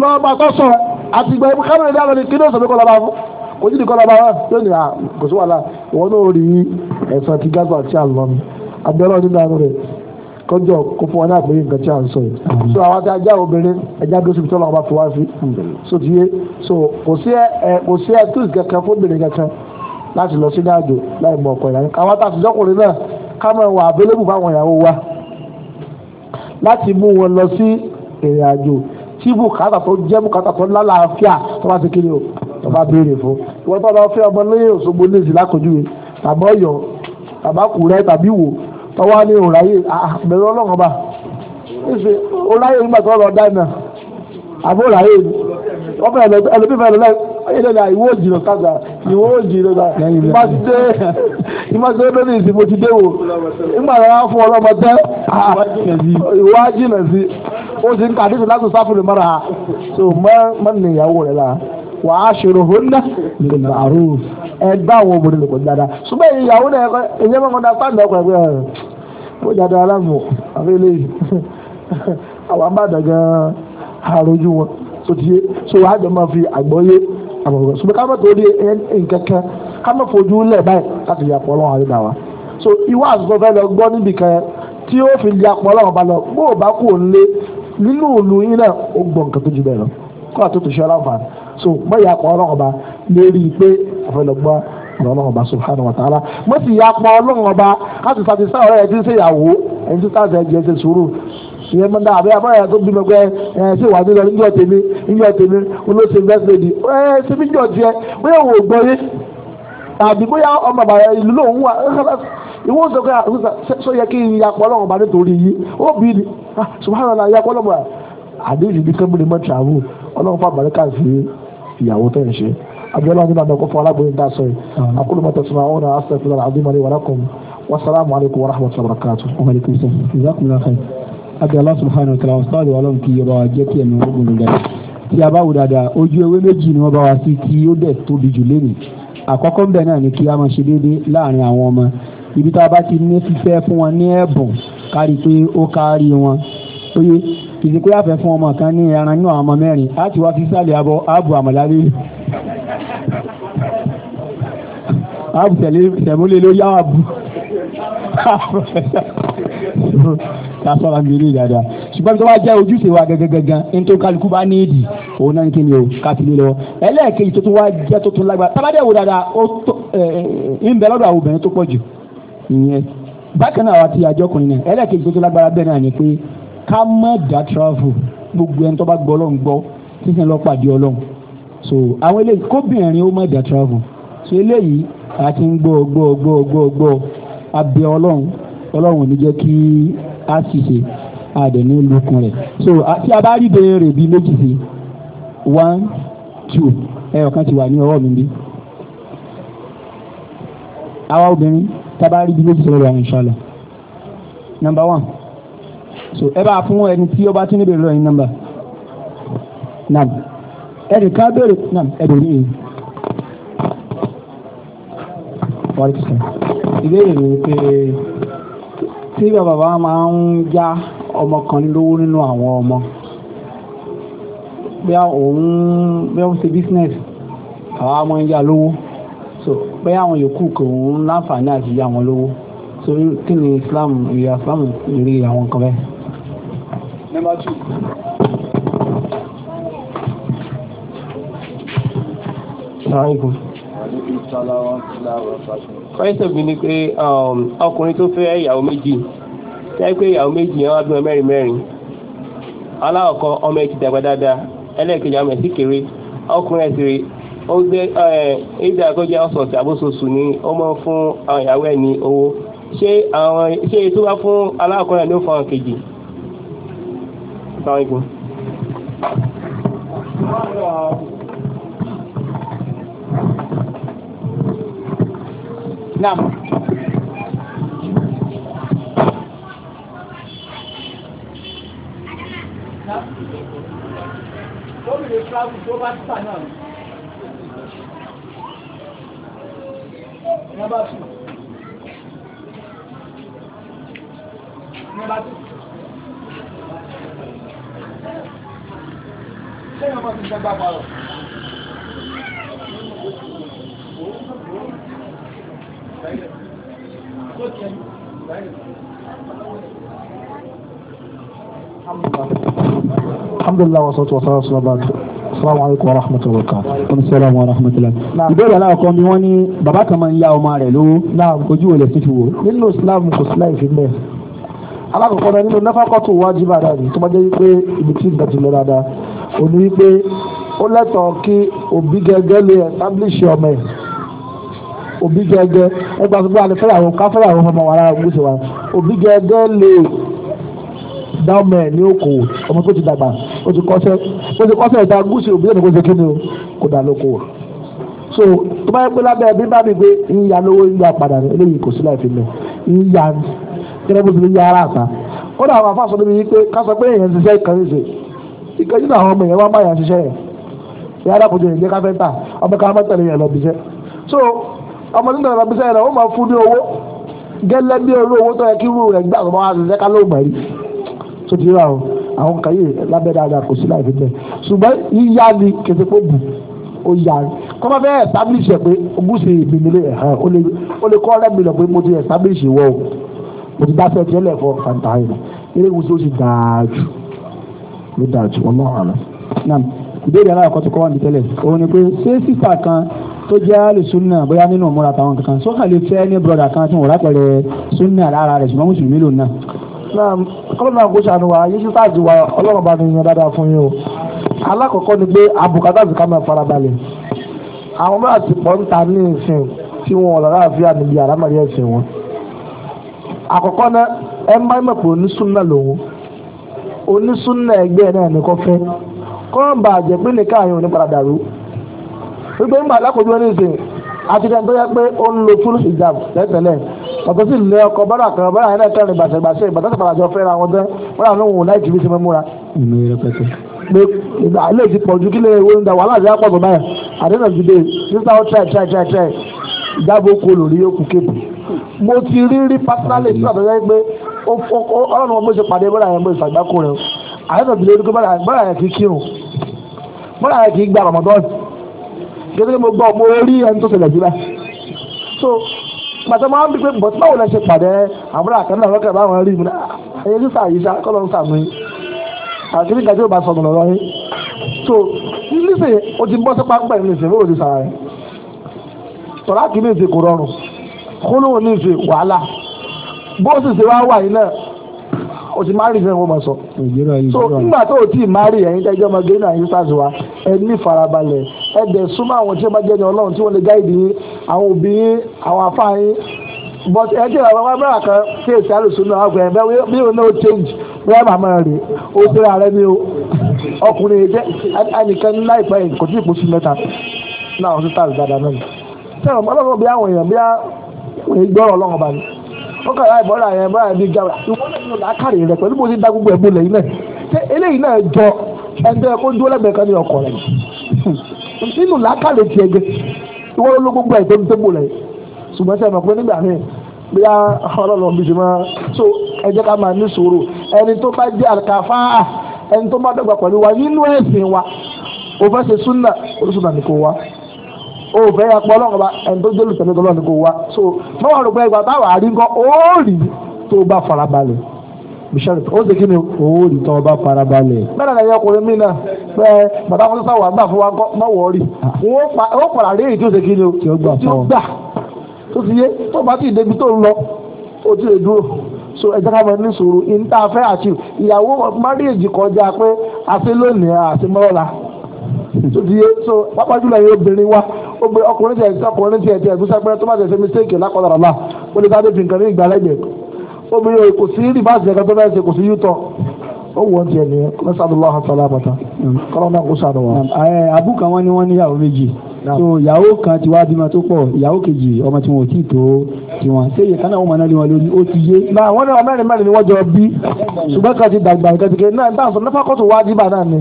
lọ́ọ́bà tó sọ àti ìgbà ìbú kánú ìdáná ni kí ló sọ pé kọ́ lọ́ọ́bà fún kò sí ní kọ́ lọ́ọ́bà wọn yóò ní kò sí wàhálà ìwọ náà rí ẹ̀sán ti gágbà tí a lọ mi abẹ́rẹ́ ọdún dànù rẹ̀ kọjọ kó fún wa náà pé nǹkan tí a ń sọ yìí so àwọn àti ajá obìnrin ẹja dóṣù tó lọ́wọ́ bá fi wá sí so ti yé so kò sí ẹ kò sí ẹ tó ìkankan fún obìnrin kankan láti lọ sí dáàjò láì mọ ọkọ ìlànà àwọn àtàtúnjọkùnrin náà Kama máa wà abẹ́lẹ́bù fáwọn ìyàwó wa láti mú wọn lọ sí ìrìn àjò tí bùkátà tó jẹ́ bùkátà tó lálàáfíà tó bá ti kiri o tó bá béèrè fún ìwọ tó bá fẹ́ ọmọ lóye Òṣogbo léèzì lákòjúwe tàbí Ọ̀yọ́ tàbí Àkúrẹ́ tàbí Ìwó tọwọ́ ní òráyè àbẹ̀rẹ̀ ọlọ́run ọba ṣe òráyè nígbà tó lọ dáná àbó òráyè ọmọ ẹlòmíì fẹ́ lọ lẹ́yìn. ẹlẹ́dà ìwọ òjìnà kàgbà ìwọ òjìnà kàgbà ìmá ti dé ìmá ti dé lórí ìsìnkú ti dé wò ìmá rẹ̀ wá fún ọlọ́mọ tẹ́ sí ti ń mọ́ra ha so mọ́ ní ìyàwó rẹ̀ la wà á ṣòro hóná nínú àrùn ẹgbẹ́ àwọn obìnrin lòpọ̀ dáadáa ṣùgbọ́n ìyàwó náà <laughs> máa àbọ̀bọ̀ ṣùgbọ́n ká má tó di nkankan ká má fojú lẹ̀ báyìí láti yà pọ̀ lọ́wọ́ àrídà wa so ìwà àzùzọ fẹ́ lọ gbọ́ níbi kan tí ó fi yà pọ̀ lọ́wọ́ ba lọ bó o bá kú ò lé nínú ìlú yín náà ó gbọ́ nǹkan tó ju bẹ́ẹ̀ to kó àtúntò ṣe aláǹfààní so mọ ìyà pọ̀ lọ́wọ́ ba lérí pé àfẹlẹ́gbọ́ ọlọ́run ọba subhanahu wa ta'ala mo sì yà pọ̀ ọlọ́run ọba láti satisfy ọ̀rẹ́ ẹ̀ tí ń ṣèyàwó ẹ̀ ń tí ń sáà ìyẹn mọ́ náà àbẹ́ àbáyà tó bímọ pé ẹ ṣé wàá nílọ níjọ tèmi níjọ tèmi olóṣèlú investment ẹ ṣe níjọ tiẹ bóyá òun ò gbọ́yé tàbí bóyá ọmọ bàbá ìlú lòun wà ìwọ sọ pé sọ yẹ kí n ya pọ́ lọ́wọ́ bá nítorí yìí ó bí ni ah, subhanallah ya pọ́ lọ́wọ́ àdéhùn bí kẹ́mi ni mo travel ọlọ́run fún àbáríkà sí ìyàwó tó ń ṣe abiola nínú àmì ọkọ̀ fún alágbóyún dá sọ yìí akóló mọ́tò àwọn ọ̀nà àṣẹ fúnra àdúmọ̀lẹ́ wàlákùn wasalaamualeykum wa àbí Allah subhanahu wa ta'ala wọn sáàdù ọlọ́run kì í yọba wa jẹ́ kí ẹ̀mí wọn gùn lọ́dà tí a bá wò dáadáa ojú ewé méjì ni wọ́n bá wa sí tí ó dẹ̀ tóbi jù lẹ́nu àkọ́kọ́ ń náà ni kí a máa ṣe déédéé láàrin àwọn ọmọ ibi tá a bá ti ní fífẹ́ fún wọn ní ẹ̀bùn kárí pé ó kárí wọn oye ìsìnkú yàfẹ́ fún ọmọ kan ní ẹran inú àwọn ọmọ mẹ́rin láti wá fi sálẹ̀ abọ́ ààbò àmàlálé ààbò tẹ̀múlẹ̀ ló yá ààbò <laughs> ká sọ̀rọ̀ àbí eré dáadáa ṣùgbọ́n tó bá jẹ́ ojúṣe wa gangan ní tó kálukú bá ní ìdì òun náà kí ni o ká ti lé lọ ẹlẹ́ẹ̀kejì tó tún wá jẹ́ tó tún lágbára tábàdé wo dáadáa ó tó ń bẹ lọ́dọ̀ àwọn obìnrin tó pọ̀ jù ìyẹn bákan náà àti àjọkùnrin náà ẹlẹ́ẹ̀kejì tó tún lágbára bẹ́ẹ̀ náà ni pé ká má dá travel gbogbo ẹni tó bá gbọ́ ọlọ́run gbọ́ sísìn lọ pàdé ọlọ́run so àwọn eléyìí kóbìnrin ó má dá travel so eléyìí àti ń gbọ́ gbọ́ gbọ́ gbọ́ gbọ́ abẹ ọlọ́run ọlọ́run ò ní jẹ́ kí á sì ṣe àdè ní lukun rẹ̀ so tí a bá rí béèrè bíi méjì sí one two ẹyọ kan ti wà ní ọwọ́ mi bí àwa obìnrin tá a bá rí bíi méjì sọ̀rọ̀ àwọn inshallah number one so ẹ bá fún ẹni tí ó bá tún níbèrè lọ́yìn Number. nam ẹnì ká béèrè nam ẹ̀dọ̀ ní èyí. ìbéèrè mi ni pé tí bàbá bá máa ń yá ọmọ kan lówó nínú àwọn ọmọ bóyá òun bóyá ó ń ṣe business àwa máa ń yá lówó so bóyá àwọn yòókù kò ń láǹfààní àti yá wọn lówó so kí ni Islam ìyá Islam ìrí àwọn kan bẹ́ẹ̀. Number two. Assalamu alaikum. Wa alaikum salaam wa rahmatullahi wa fáyísọ̀bì ni pé um, ọkùnrin tó fẹ́ ìyàwó méjì tẹ́ pé ìyàwó méjì yẹn wá bímọ mẹ́rin mẹ́rin aláwọ̀kọ́ ọmọ ẹ̀ ti dàgbà dáadáa ẹlẹ́ẹ̀kejì ọmọ ẹ̀ sì kéré ọkùnrin ẹ̀ sì rè ó gbé ìdá àkọ́jà ọ̀sọ̀ọ̀sẹ̀ àbóṣoṣù ni ó mọ́ fún uh, ìyàwó ẹ̀ ní owó ṣé àwọn ṣé ètò wá fún aláwọ̀kọ́rin ló fọ́n kejì Assalamu alaikum Naam. Number two. Number two. Ṣé ìyàmọ̀ ti jẹ́ gbàgbà rọ̀? alhamdulilah wa sọ́tọ̀ sọ́rọ̀ sọ́rọ̀ bá sọ́rọ̀ àríkù wa rahmatulah wa kàá wọ́n sọ́rọ̀ wa rahmatulah ìbéèrè aláwọ̀kọ́ mi wọ́n ní bàbá kan máa ń ya ọmọ rẹ̀ lówó náà ojú wo lè fi fi wò nínú islam kò sí láì fi mẹ́ wajiba dáadáa ní tó bá jẹ́ wípé ibi tí ìgbà ti lọ dáadáa òní wípé ó lẹ́tọ̀ọ́ kí òbí gẹ́gẹ́ lè establish ọmọ ẹ̀ òbí gẹ́gẹ́ ẹgbà gbogbo àlè fẹ́rẹ̀ àwọn ká àwọn ọmọ wa lára wa òbí gẹ́gẹ́ lè dá ní òkò ọmọ tó ti dàgbà ó ti kọ́sẹ́ ó ti kọ́sẹ́ ìta gúúsù òbí lẹ́nu ṣe kíni o kò dà lóko o so tó bá yẹ pé lábẹ́ ẹbí bá mi gbé ìyá lówó ìyá padà ní eléyìí kò sí láì fi lọ ìyá kẹ́lẹ́ bó ti yá ara àta ó dà àwọn afáṣọ níbi wípé ká sọ pé èèyàn ṣiṣẹ́ ìkànnì ìkànnì náà àwọn ọmọ èèyàn wá bá èèyàn ṣiṣẹ́ yẹn ìyá arákùnrin jẹ́ káfẹ́ńtà ọmọ ká má tẹ̀lé yẹn so ọmọ tó ń tẹ̀lé ọ̀bísẹ́ rẹ̀ ó máa fún ní owó gẹ́lẹ́ bí irú owó tó yẹ kí irú rẹ̀ gbà tó máa ṣiṣẹ́ ká ló mọ̀ rí tó ti rà o àwọn kan yìí lábẹ́ dáadáa kò sí láì fi bẹ́ẹ̀ ṣùgbọ́n yíyá ni kété kó bù ó yá ni kọ́ máa fẹ́ establish ẹ̀ pé ogúnṣe ìbìnilé ẹ̀hán ó lè kọ́ ọ̀rẹ́ mi lọ pé mo ti establish ìwọ o mo ti dáṣẹ́ ti ẹlẹ́fọ́ fanta yìí eré ìwúso ti dáa jù ló dáa jù wọn náà hàn náà ìbéèrè aláàkọ́ ti kọ́ wà ní tẹ́lẹ̀ òun ni pé ṣé sísà kan tó jẹ́ alùsùnà bóyá nínú ọ̀mọ́ra táwọn kankan sọ́kà lè fẹ́ ní bọ́dà kan tí wọ́n rà pẹ̀lẹ́ sunna lára rẹ̀ ṣùgbọ́n mùsùlùmí lò náà. náà kọ́lọ́ náà kó wa yéṣu táàdì wa ọlọ́run bá mi yan dáadáa fún yín o alákọ̀ọ́kọ́ ni pé àbùkátà ti ká máa farabalẹ̀ àwọn mẹ́ta ti pọ̀ ń ta ní ìsìn tí wọn ọ̀là láàfíà níbi àlámọ̀rí ẹ̀sìn wọn. àkọ́kọ́ náà ẹ má mọ̀ pé onísùnà gbogbo ń gbà lákòójú ní ìsìn àtijọ́ tó yẹ pé ó ń lo full hijab lẹ́tẹ̀lẹ̀ ọ̀tọ̀ sì lé ọkọ̀ bọ́dà kan bọ́dà yẹn náà kẹrin gbàṣẹ gbàṣẹ ìgbà tọ́sí padà jọ fẹ́ra wọn tán bọ́dà náà wò láì sí mẹ́múra. ìgbà ilé ti ṣebí mo gbọ́ mo rí ẹni tó ṣẹlẹ̀ jùlọ so pàtó máa ń bí pé bọ́tí báwo lẹ ṣe pàdé àbúrò àkàndá lọ́kẹ̀ báwọn rí mi náà ẹyẹ sísá yìí ṣá kọ́ ló ń sàmú yín àti nígbà tí ó bá lọ́rọ́ yín so nísìnyí o ti bọ́ sí pápá ẹ̀ nísìnyí o ti sàrà yín tọ́lá kì í ní ìsìn kò rọrùn kóló ò ní ìsìn wàhálà bó sì ṣe wá wà yín náà o ti márì fẹ́ wọn mọ̀ sọ so nígbà tó o ti márì ẹ̀yin tẹ́jọ́ ọmọge náà yín sáà ẹ̀dẹ̀ súnmọ́ àwọn tí ó bá jẹ́ ẹ̀yàn tí wọ́n lè gáìdì yín àwọn òbí yín àwọn but ẹ jẹ́ àwọn ọmọ kan tí èsì àgbẹ̀ ẹ̀ no change wọ́n máa máa rè o tẹ́ ara o ọkùnrin jẹ́ ẹnìkan láìpẹ́ kò tí ì mẹ́ta náà ọ̀sùn dáadáa náà bí àwọn èèyàn bí ọlọ́run ọba ni ó yẹn ìwọ́n náà pẹ̀lú bó ti dá gbogbo lẹ́yìn náà eléyìí náà jọ kó dúró lẹ́gbẹ̀ẹ́ kan ní ọkọ̀ rẹ̀ nínú làákàlẹ̀ tiẹ̀ gẹ ìwọ ló gbogbo ẹ̀ tẹ́bi tẹ́gbò rẹ̀ ṣùgbọ́n sẹ́yìn mọ̀ pé nígbà míì bí a ọlọ́run bí ṣe máa so ẹ jẹ́ ká máa ní sùúrù ẹni tó bá jẹ́ àkàfà ẹni tó bá dọ́gba pẹ̀lú wa nínú ẹ̀sìn wa o fẹ́ ṣe súnà olùsúnà ní kò wá o fẹ́ ya pọ̀ ọlọ́run ọba ẹni tó jẹ́ olùtẹ̀lẹ́tọ̀ ọlọ́run ní kò wá so mọ́wàá rògbò ẹgbàá táwa àrí ńkọ́ ó rí tó bá farabalẹ̀. bishari ó sì kí ni owó ìtàn ọba farabalẹ̀. bẹ́ẹ̀ náà na. ọkùnrin mi náà bẹ́ẹ̀ bàbá fún sáwà gbà fún wa ńkọ́ má wọ̀ọ́rì O tí o tí ó gbà tó ti yé tó bá ti débi tó lọ ó ti lè dúró so ká mọ ní ìta fẹ́ àti ìyàwó kọjá pé àti lónìí àti mọ́lá tó ti yé so pápá jùlọ wa ọkùnrin tiẹ̀ ọkùnrin tiẹ̀ tiẹ̀ tó bá tẹ̀ obìnrin kò sí rìbáàsì ẹ̀ka tó bẹ́ẹ̀ ṣe kò sí yútọ̀ ó wọ́n tiẹ̀ ní lọ́sàdúnláhà sálábàtà kọ́lọ́nà kó sàdọ̀ wá. àbú kan wọ́n ní wọ́n méjì so ìyàwó kan ti wá bímọ tó pọ̀ ìyàwó kejì ọmọ tí wọn ò tí ì tó tiwọn ṣé iye kan náà wọ́n máa náà lé wọn lórí ó ti yé. na wọn ní mẹ́rin mẹ́rin ni wọ́n jọ bí ṣùgbọ́n kan ti dàgbà kẹtìkẹ náà dáhùn sọ nípa kóòtù wájú bá náà ni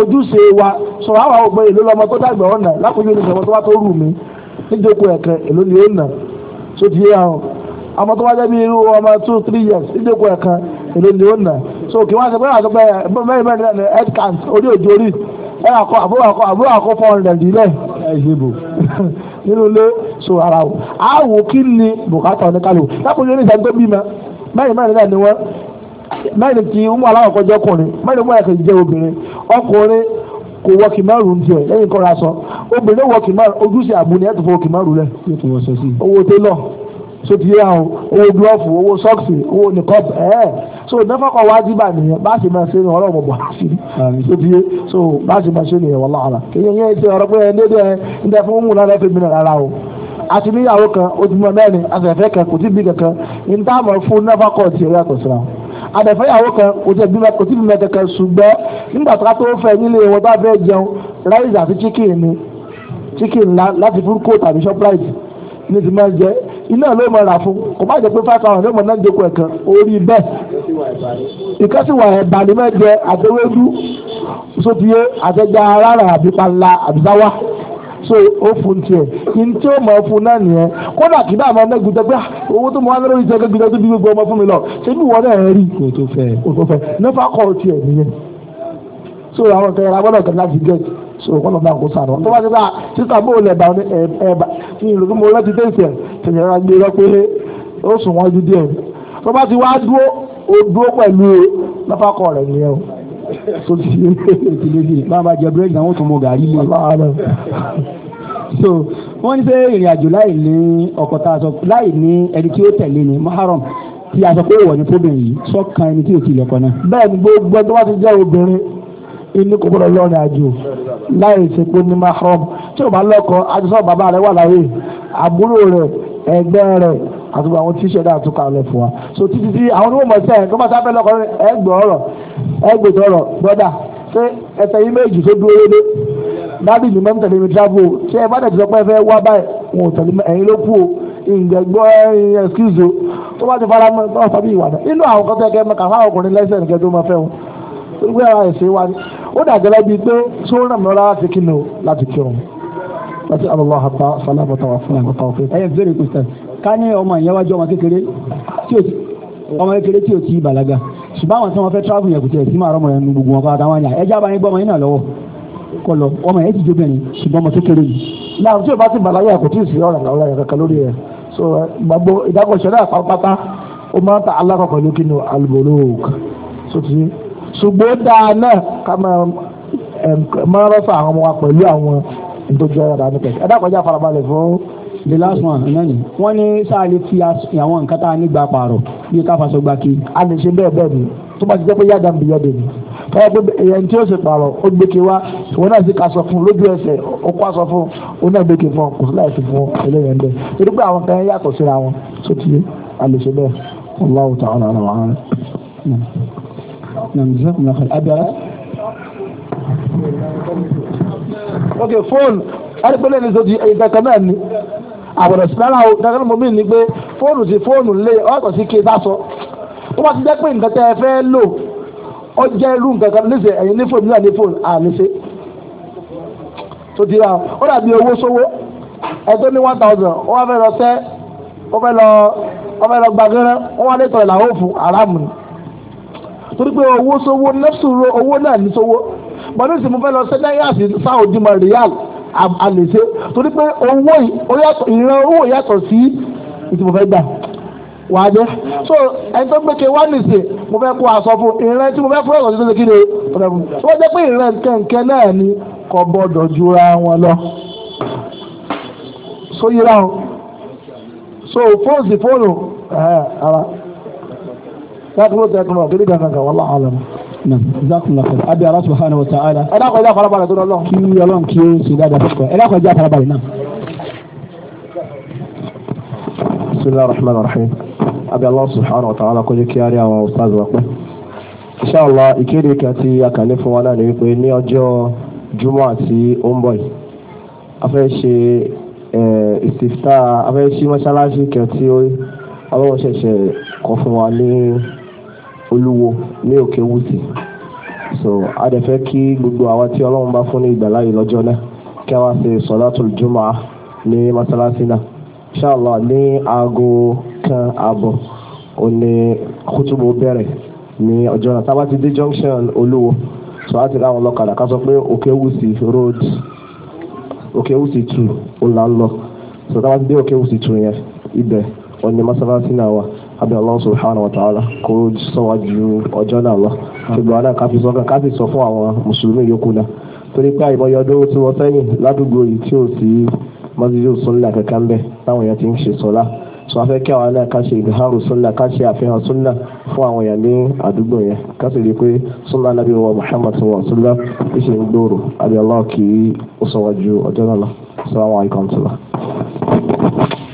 ojúṣe wa sọ àwọn ògbẹ èlò lọmọ tó dàgbà ọ̀nà lákòójú ìṣẹ̀wọ̀n tó wá tó rù mí níjókòó ẹ̀kẹ́ èlò ni ó nà tó ti yé àwọn. ọmọ tó bi jẹ́ bí irú ọmọ two three years ìdókòó ẹ̀kan èlò ni ó so kí wọ́n ṣe pé àti pé mẹ́rin mẹ́rin náà ni head count orí òjò orí ẹ̀ àkọ́ àbúrò àkọ́ àbúrò àkọ́ four hundred nílẹ̀ ẹ̀ ṣe bò nínú so ara wò á wò kí ni bùkátà oníkàlù lápòjú ní ni sọ so ti yẹ hàn owó gílọ́ọ̀fù owó sọ́ọ̀sì owó nìkọ́b ẹ̀ẹ́ eh. so nẹ́fọ̀kọ̀ wá dìbà nìyẹn bá sì máa ṣe ní ọ̀rọ̀ ọ̀bọ̀ àṣì so ti yẹ so bá sì máa ṣe nìyẹn wọ́n lára kéèyàn yẹn ṣe ọ̀rọ̀ pé ẹ̀ ní ẹ̀ ń tẹ́ fún òun lára fún mi rárá o àti níyàwó kan ó ti mọ mẹ́rin àtẹ̀fẹ́ kan kò tí bí kankan ń tá àmọ́ fún nẹ́fọ̀kọ̀ ti ẹ̀rọ ẹ̀kọ́ síra àtẹ̀fẹ́yàwó kan kò tí bímọ kò tí bímọ kankan ṣùgbọ́n nígbà tó ká tó fẹ́ nílé wọn bá fẹ́ jẹun ráìsì àti chicken ni chicken láti fún kó tàbí shoprite ní ti máa jẹ iná ló mọ̀ rà fún kò má jẹ́ pé five thousand ló mọ̀ náà jókòó ẹ̀kan orí bẹ́ẹ̀ ìkẹ́sìwà ẹ̀bà ni máa àtẹwédú sótìyé àtẹjà rárá àbípanla àbísáwá so ó fún tiẹ̀ ntí ó mọ̀ fún náà nìyẹn kódà kí náà máa nẹ́gun tẹ́ pé ah, owó tó mọ̀ wá lórí ìṣẹ́ gbẹgbẹ́ tó bí gbogbo ọmọ fún mi lọ ṣé bí wọ́n náà rí kò tó fẹ́ kò tó fẹ́ nífà kọ́ tiẹ̀ nìyẹn so àwọn kẹrẹ agbọ́dọ̀ kẹrẹ láti gẹ̀ẹ́tì so kọ́ lọ́ba kó sànù tó bá ti bá sísà bó lẹ̀ bá ní ẹ̀ẹ́bà kí n lòdì mo rántí tẹ̀sẹ̀ tẹ̀sẹ̀ rà gbé lọ́pẹ́ ó sùn wọ́n ju díẹ̀ tó bá ti wá dúró ó dúró pẹ̀lú lọ́fàkọ̀ rẹ̀ nìyẹn o so ti ṣe ti lè ṣe bàbá jẹ búrẹ́dì àwọn tó mọ gàrí lé so wọ́n ní sẹ́ ìrìn àjò láì ní ọkọ̀ tá a sọ láì ní ẹni tí ó tẹ̀lé ni Muharram tí a sọ pé wọ̀ ní fóbìnrin yìí sọ́kàn ẹni tí ò ti lọ́kọ̀ náà. bẹ́ẹ̀ ni gbogbo ẹgbẹ́ wá ti jẹ́ obìnrin inú kò lọ́rin àjò láì ṣe pé ní mahram tí o bá lọ́kọ adúsọ́ bàbá rẹ̀ wà láyé àbúrò rẹ̀ ẹgbẹ́ rẹ̀ àti àwọn tíṣẹ́ dáa tó kalẹ̀ fún wa so títí tí àwọn onímọ̀ sẹ́yìn tó bá sábẹ́ lọ́kọ ẹgbẹ́ ọ̀rọ̀ ẹgbẹ́ ọ̀rọ̀ brọ́dà ṣé ẹsẹ̀ yìí méjì tó dúró lé dábì ní mẹ́mí tẹ̀lé mi travel ṣé ẹ bá dẹ̀ ti sọ pé ẹ fẹ́ wá báyìí wọn ò tẹ̀lé ẹ̀yin ló kú o ìgbẹ́gbọ́ ó dàgbẹ́ lábí pé tí ó ràn mí lọ́wọ́ láti kí ni o láti kí òun láti alọ́lọ́ àpá sálábà tàwa fún àgbà tàwa fún. ẹyẹ bẹ̀rẹ̀ kristian ká ní ọmọ ìyẹn wájú ọmọ kékeré tí o ọmọ kékeré tí o ti bàlágà ṣùgbọ́n àwọn tí wọ́n fẹ́ travel yẹn kò tiẹ̀ sí máa rọmọ yẹn nu gbogbo wọn kọ́ àtàwọn àyà ẹjẹ́ abáyé gbọ́ ọmọ yẹn náà lọ́wọ́ kọ́ lọ ọmọ yẹn ti jóbìnrin ṣùgbọ́n ọmọ kékeré yìí láàrú tí o bá ti bàlágà kò tí ì sí ọ̀rọ̀ àwọn ọ̀rọ̀ kankan lórí ẹ̀ so gbogbo ìdákọ̀ṣẹ́ náà pátápátá ó máa ń ta alákọ̀ọ́kọ̀ lókè ti ṣùgbọ́n dáa náà ká máa rọ́fà àwọn ọmọ wa pẹ̀lú àwọn ìtọ́jú ọ̀rọ̀ àmì kẹ̀kẹ́ ẹ̀dá farabalẹ̀ fún. the last one náà ni wọ́n ní sáà lè fi àwọn nǹkan tá a nígbà pààrọ̀ bí ká faṣọ gba kí. a lè ṣe bẹ́ẹ̀ bẹ́ẹ̀ ni tó bá ti jẹ́ pé yáda ń bìyà dè ní. káyọ̀ pé èèyàn tí ó ṣe pààrọ̀ ó gbé ke wá ìwọ náà sì ká sọ fún lójú ẹsẹ̀ ó kó aṣọ fún ó náà gbé ke fún kò sí láì fi fún eléyàn Allahu ta'ala àlàwọ̀ nàìjíríà náà abẹ́rẹ́. ok fóònù arípẹ́lẹ́ ní sọ ti ẹ̀yìn kankan náà ni àbọ̀dọ̀ sí lára o dandan mo mí ni pé fóònù sí fóònù lé ọ̀tọ̀ sí kéé sásọ tó bá ti jẹ́ pé nǹkan tẹ́ ẹ fẹ́ lò ó jẹ́ irú nǹkan kan níṣẹ́ ẹ̀yìn ní fóònù náà ní fóònù àníṣe tó ti ra ó dàbí owó sówó ẹjọ́ ní one thousand ó wá fẹ́ lọ sẹ́ ó fẹ́ lọ ó fẹ́ lọ gbàgẹ́rẹ́ ó wá lẹ́tọ̀ọ́ ìlà ó fún aráàmù ni torí pé owó sówó nẹ́fṣù owó náà ní sówó bọ́dún sì mo fẹ́ lọ sẹ́dáyàsì sáwọ́dì mọ̀ rìal àlèṣe torí pé owó ìran owó yàtọ̀ sí ìtìmọ̀ gbà wà á jẹ́ so ẹni tó gbé ke wá nìsí mo fẹ́ kó aṣọ fún ìran tí mo fẹ́ fún ọ̀sán tó ṣe kí ni wọ́n jẹ́ pé ìran kẹ̀kẹ́ náà ni kò gbọ́dọ̀ jura wọn lọ so yíra o so fóònù sí fóònù ara sáàtúrò tẹ́tùmọ̀ kí ní kankan kan wọ́lá àlọ́ zakunlọfẹ abi ala subhanahu wa ta'ala. ẹ dákọ̀ ẹja farabalẹ̀ tó lọ́lọ́. kí ọlọ́run kí ó ṣe dáadáa fún ọ ẹ dákọ̀ ẹja farabalẹ̀ náà. bisimilahi rahman rahim abi ala subhanahu wa ta'ala kó jẹ́ kí a rí àwọn ustaz wa pẹ́. inṣàlá ìkéde kan tí a kàn ní fún wa náà ni wípé ní ọjọ́ jumọ́ àti omboy a fẹ́ ṣe ìsìftà a fẹ́ olúwo ní òkè wùsì so a dẹ̀ fẹ́ kí gbogbo àwa tí ọlọ́run bá fún ní ìgbàláyè lọ́jọ́ náà kí a wá ṣe sọ̀látù jùmọ̀ ní mọ́sálásí náà inshallah ní aago kan àbọ̀ òní kútùbù bẹ̀rẹ̀ ní ọjọ́ náà tábà ti dé junction olúwo so a ti rí àwọn ọlọ́kadà ká sọ pé òkè wùsì road òkè wùsì two ó là ń lọ so tábà ti dé òkè wùsì two yẹn ibẹ̀ òní mọ́sálásí náà wà abẹ́ Allah subhanahu wa ta'ala kó sọ́wájú ọjọ́ náà lọ ṣùgbọ́n àná ká fi sọ́kàn ká sì sọ fún àwọn mùsùlùmí yòókù náà torí pé àìmọye ọdún tí wọ́n sẹ́yìn ládùúgbò yìí tí ò sí mọ́sídìí sọ́nlá kankan ń bẹ̀ táwọn èèyàn ti ń ṣe sọ́lá sọ afẹ́ kí àwọn náà ká ṣe ìdáhàrò sọ́nlá ká ṣe àfihàn sọ́nlá fún àwọn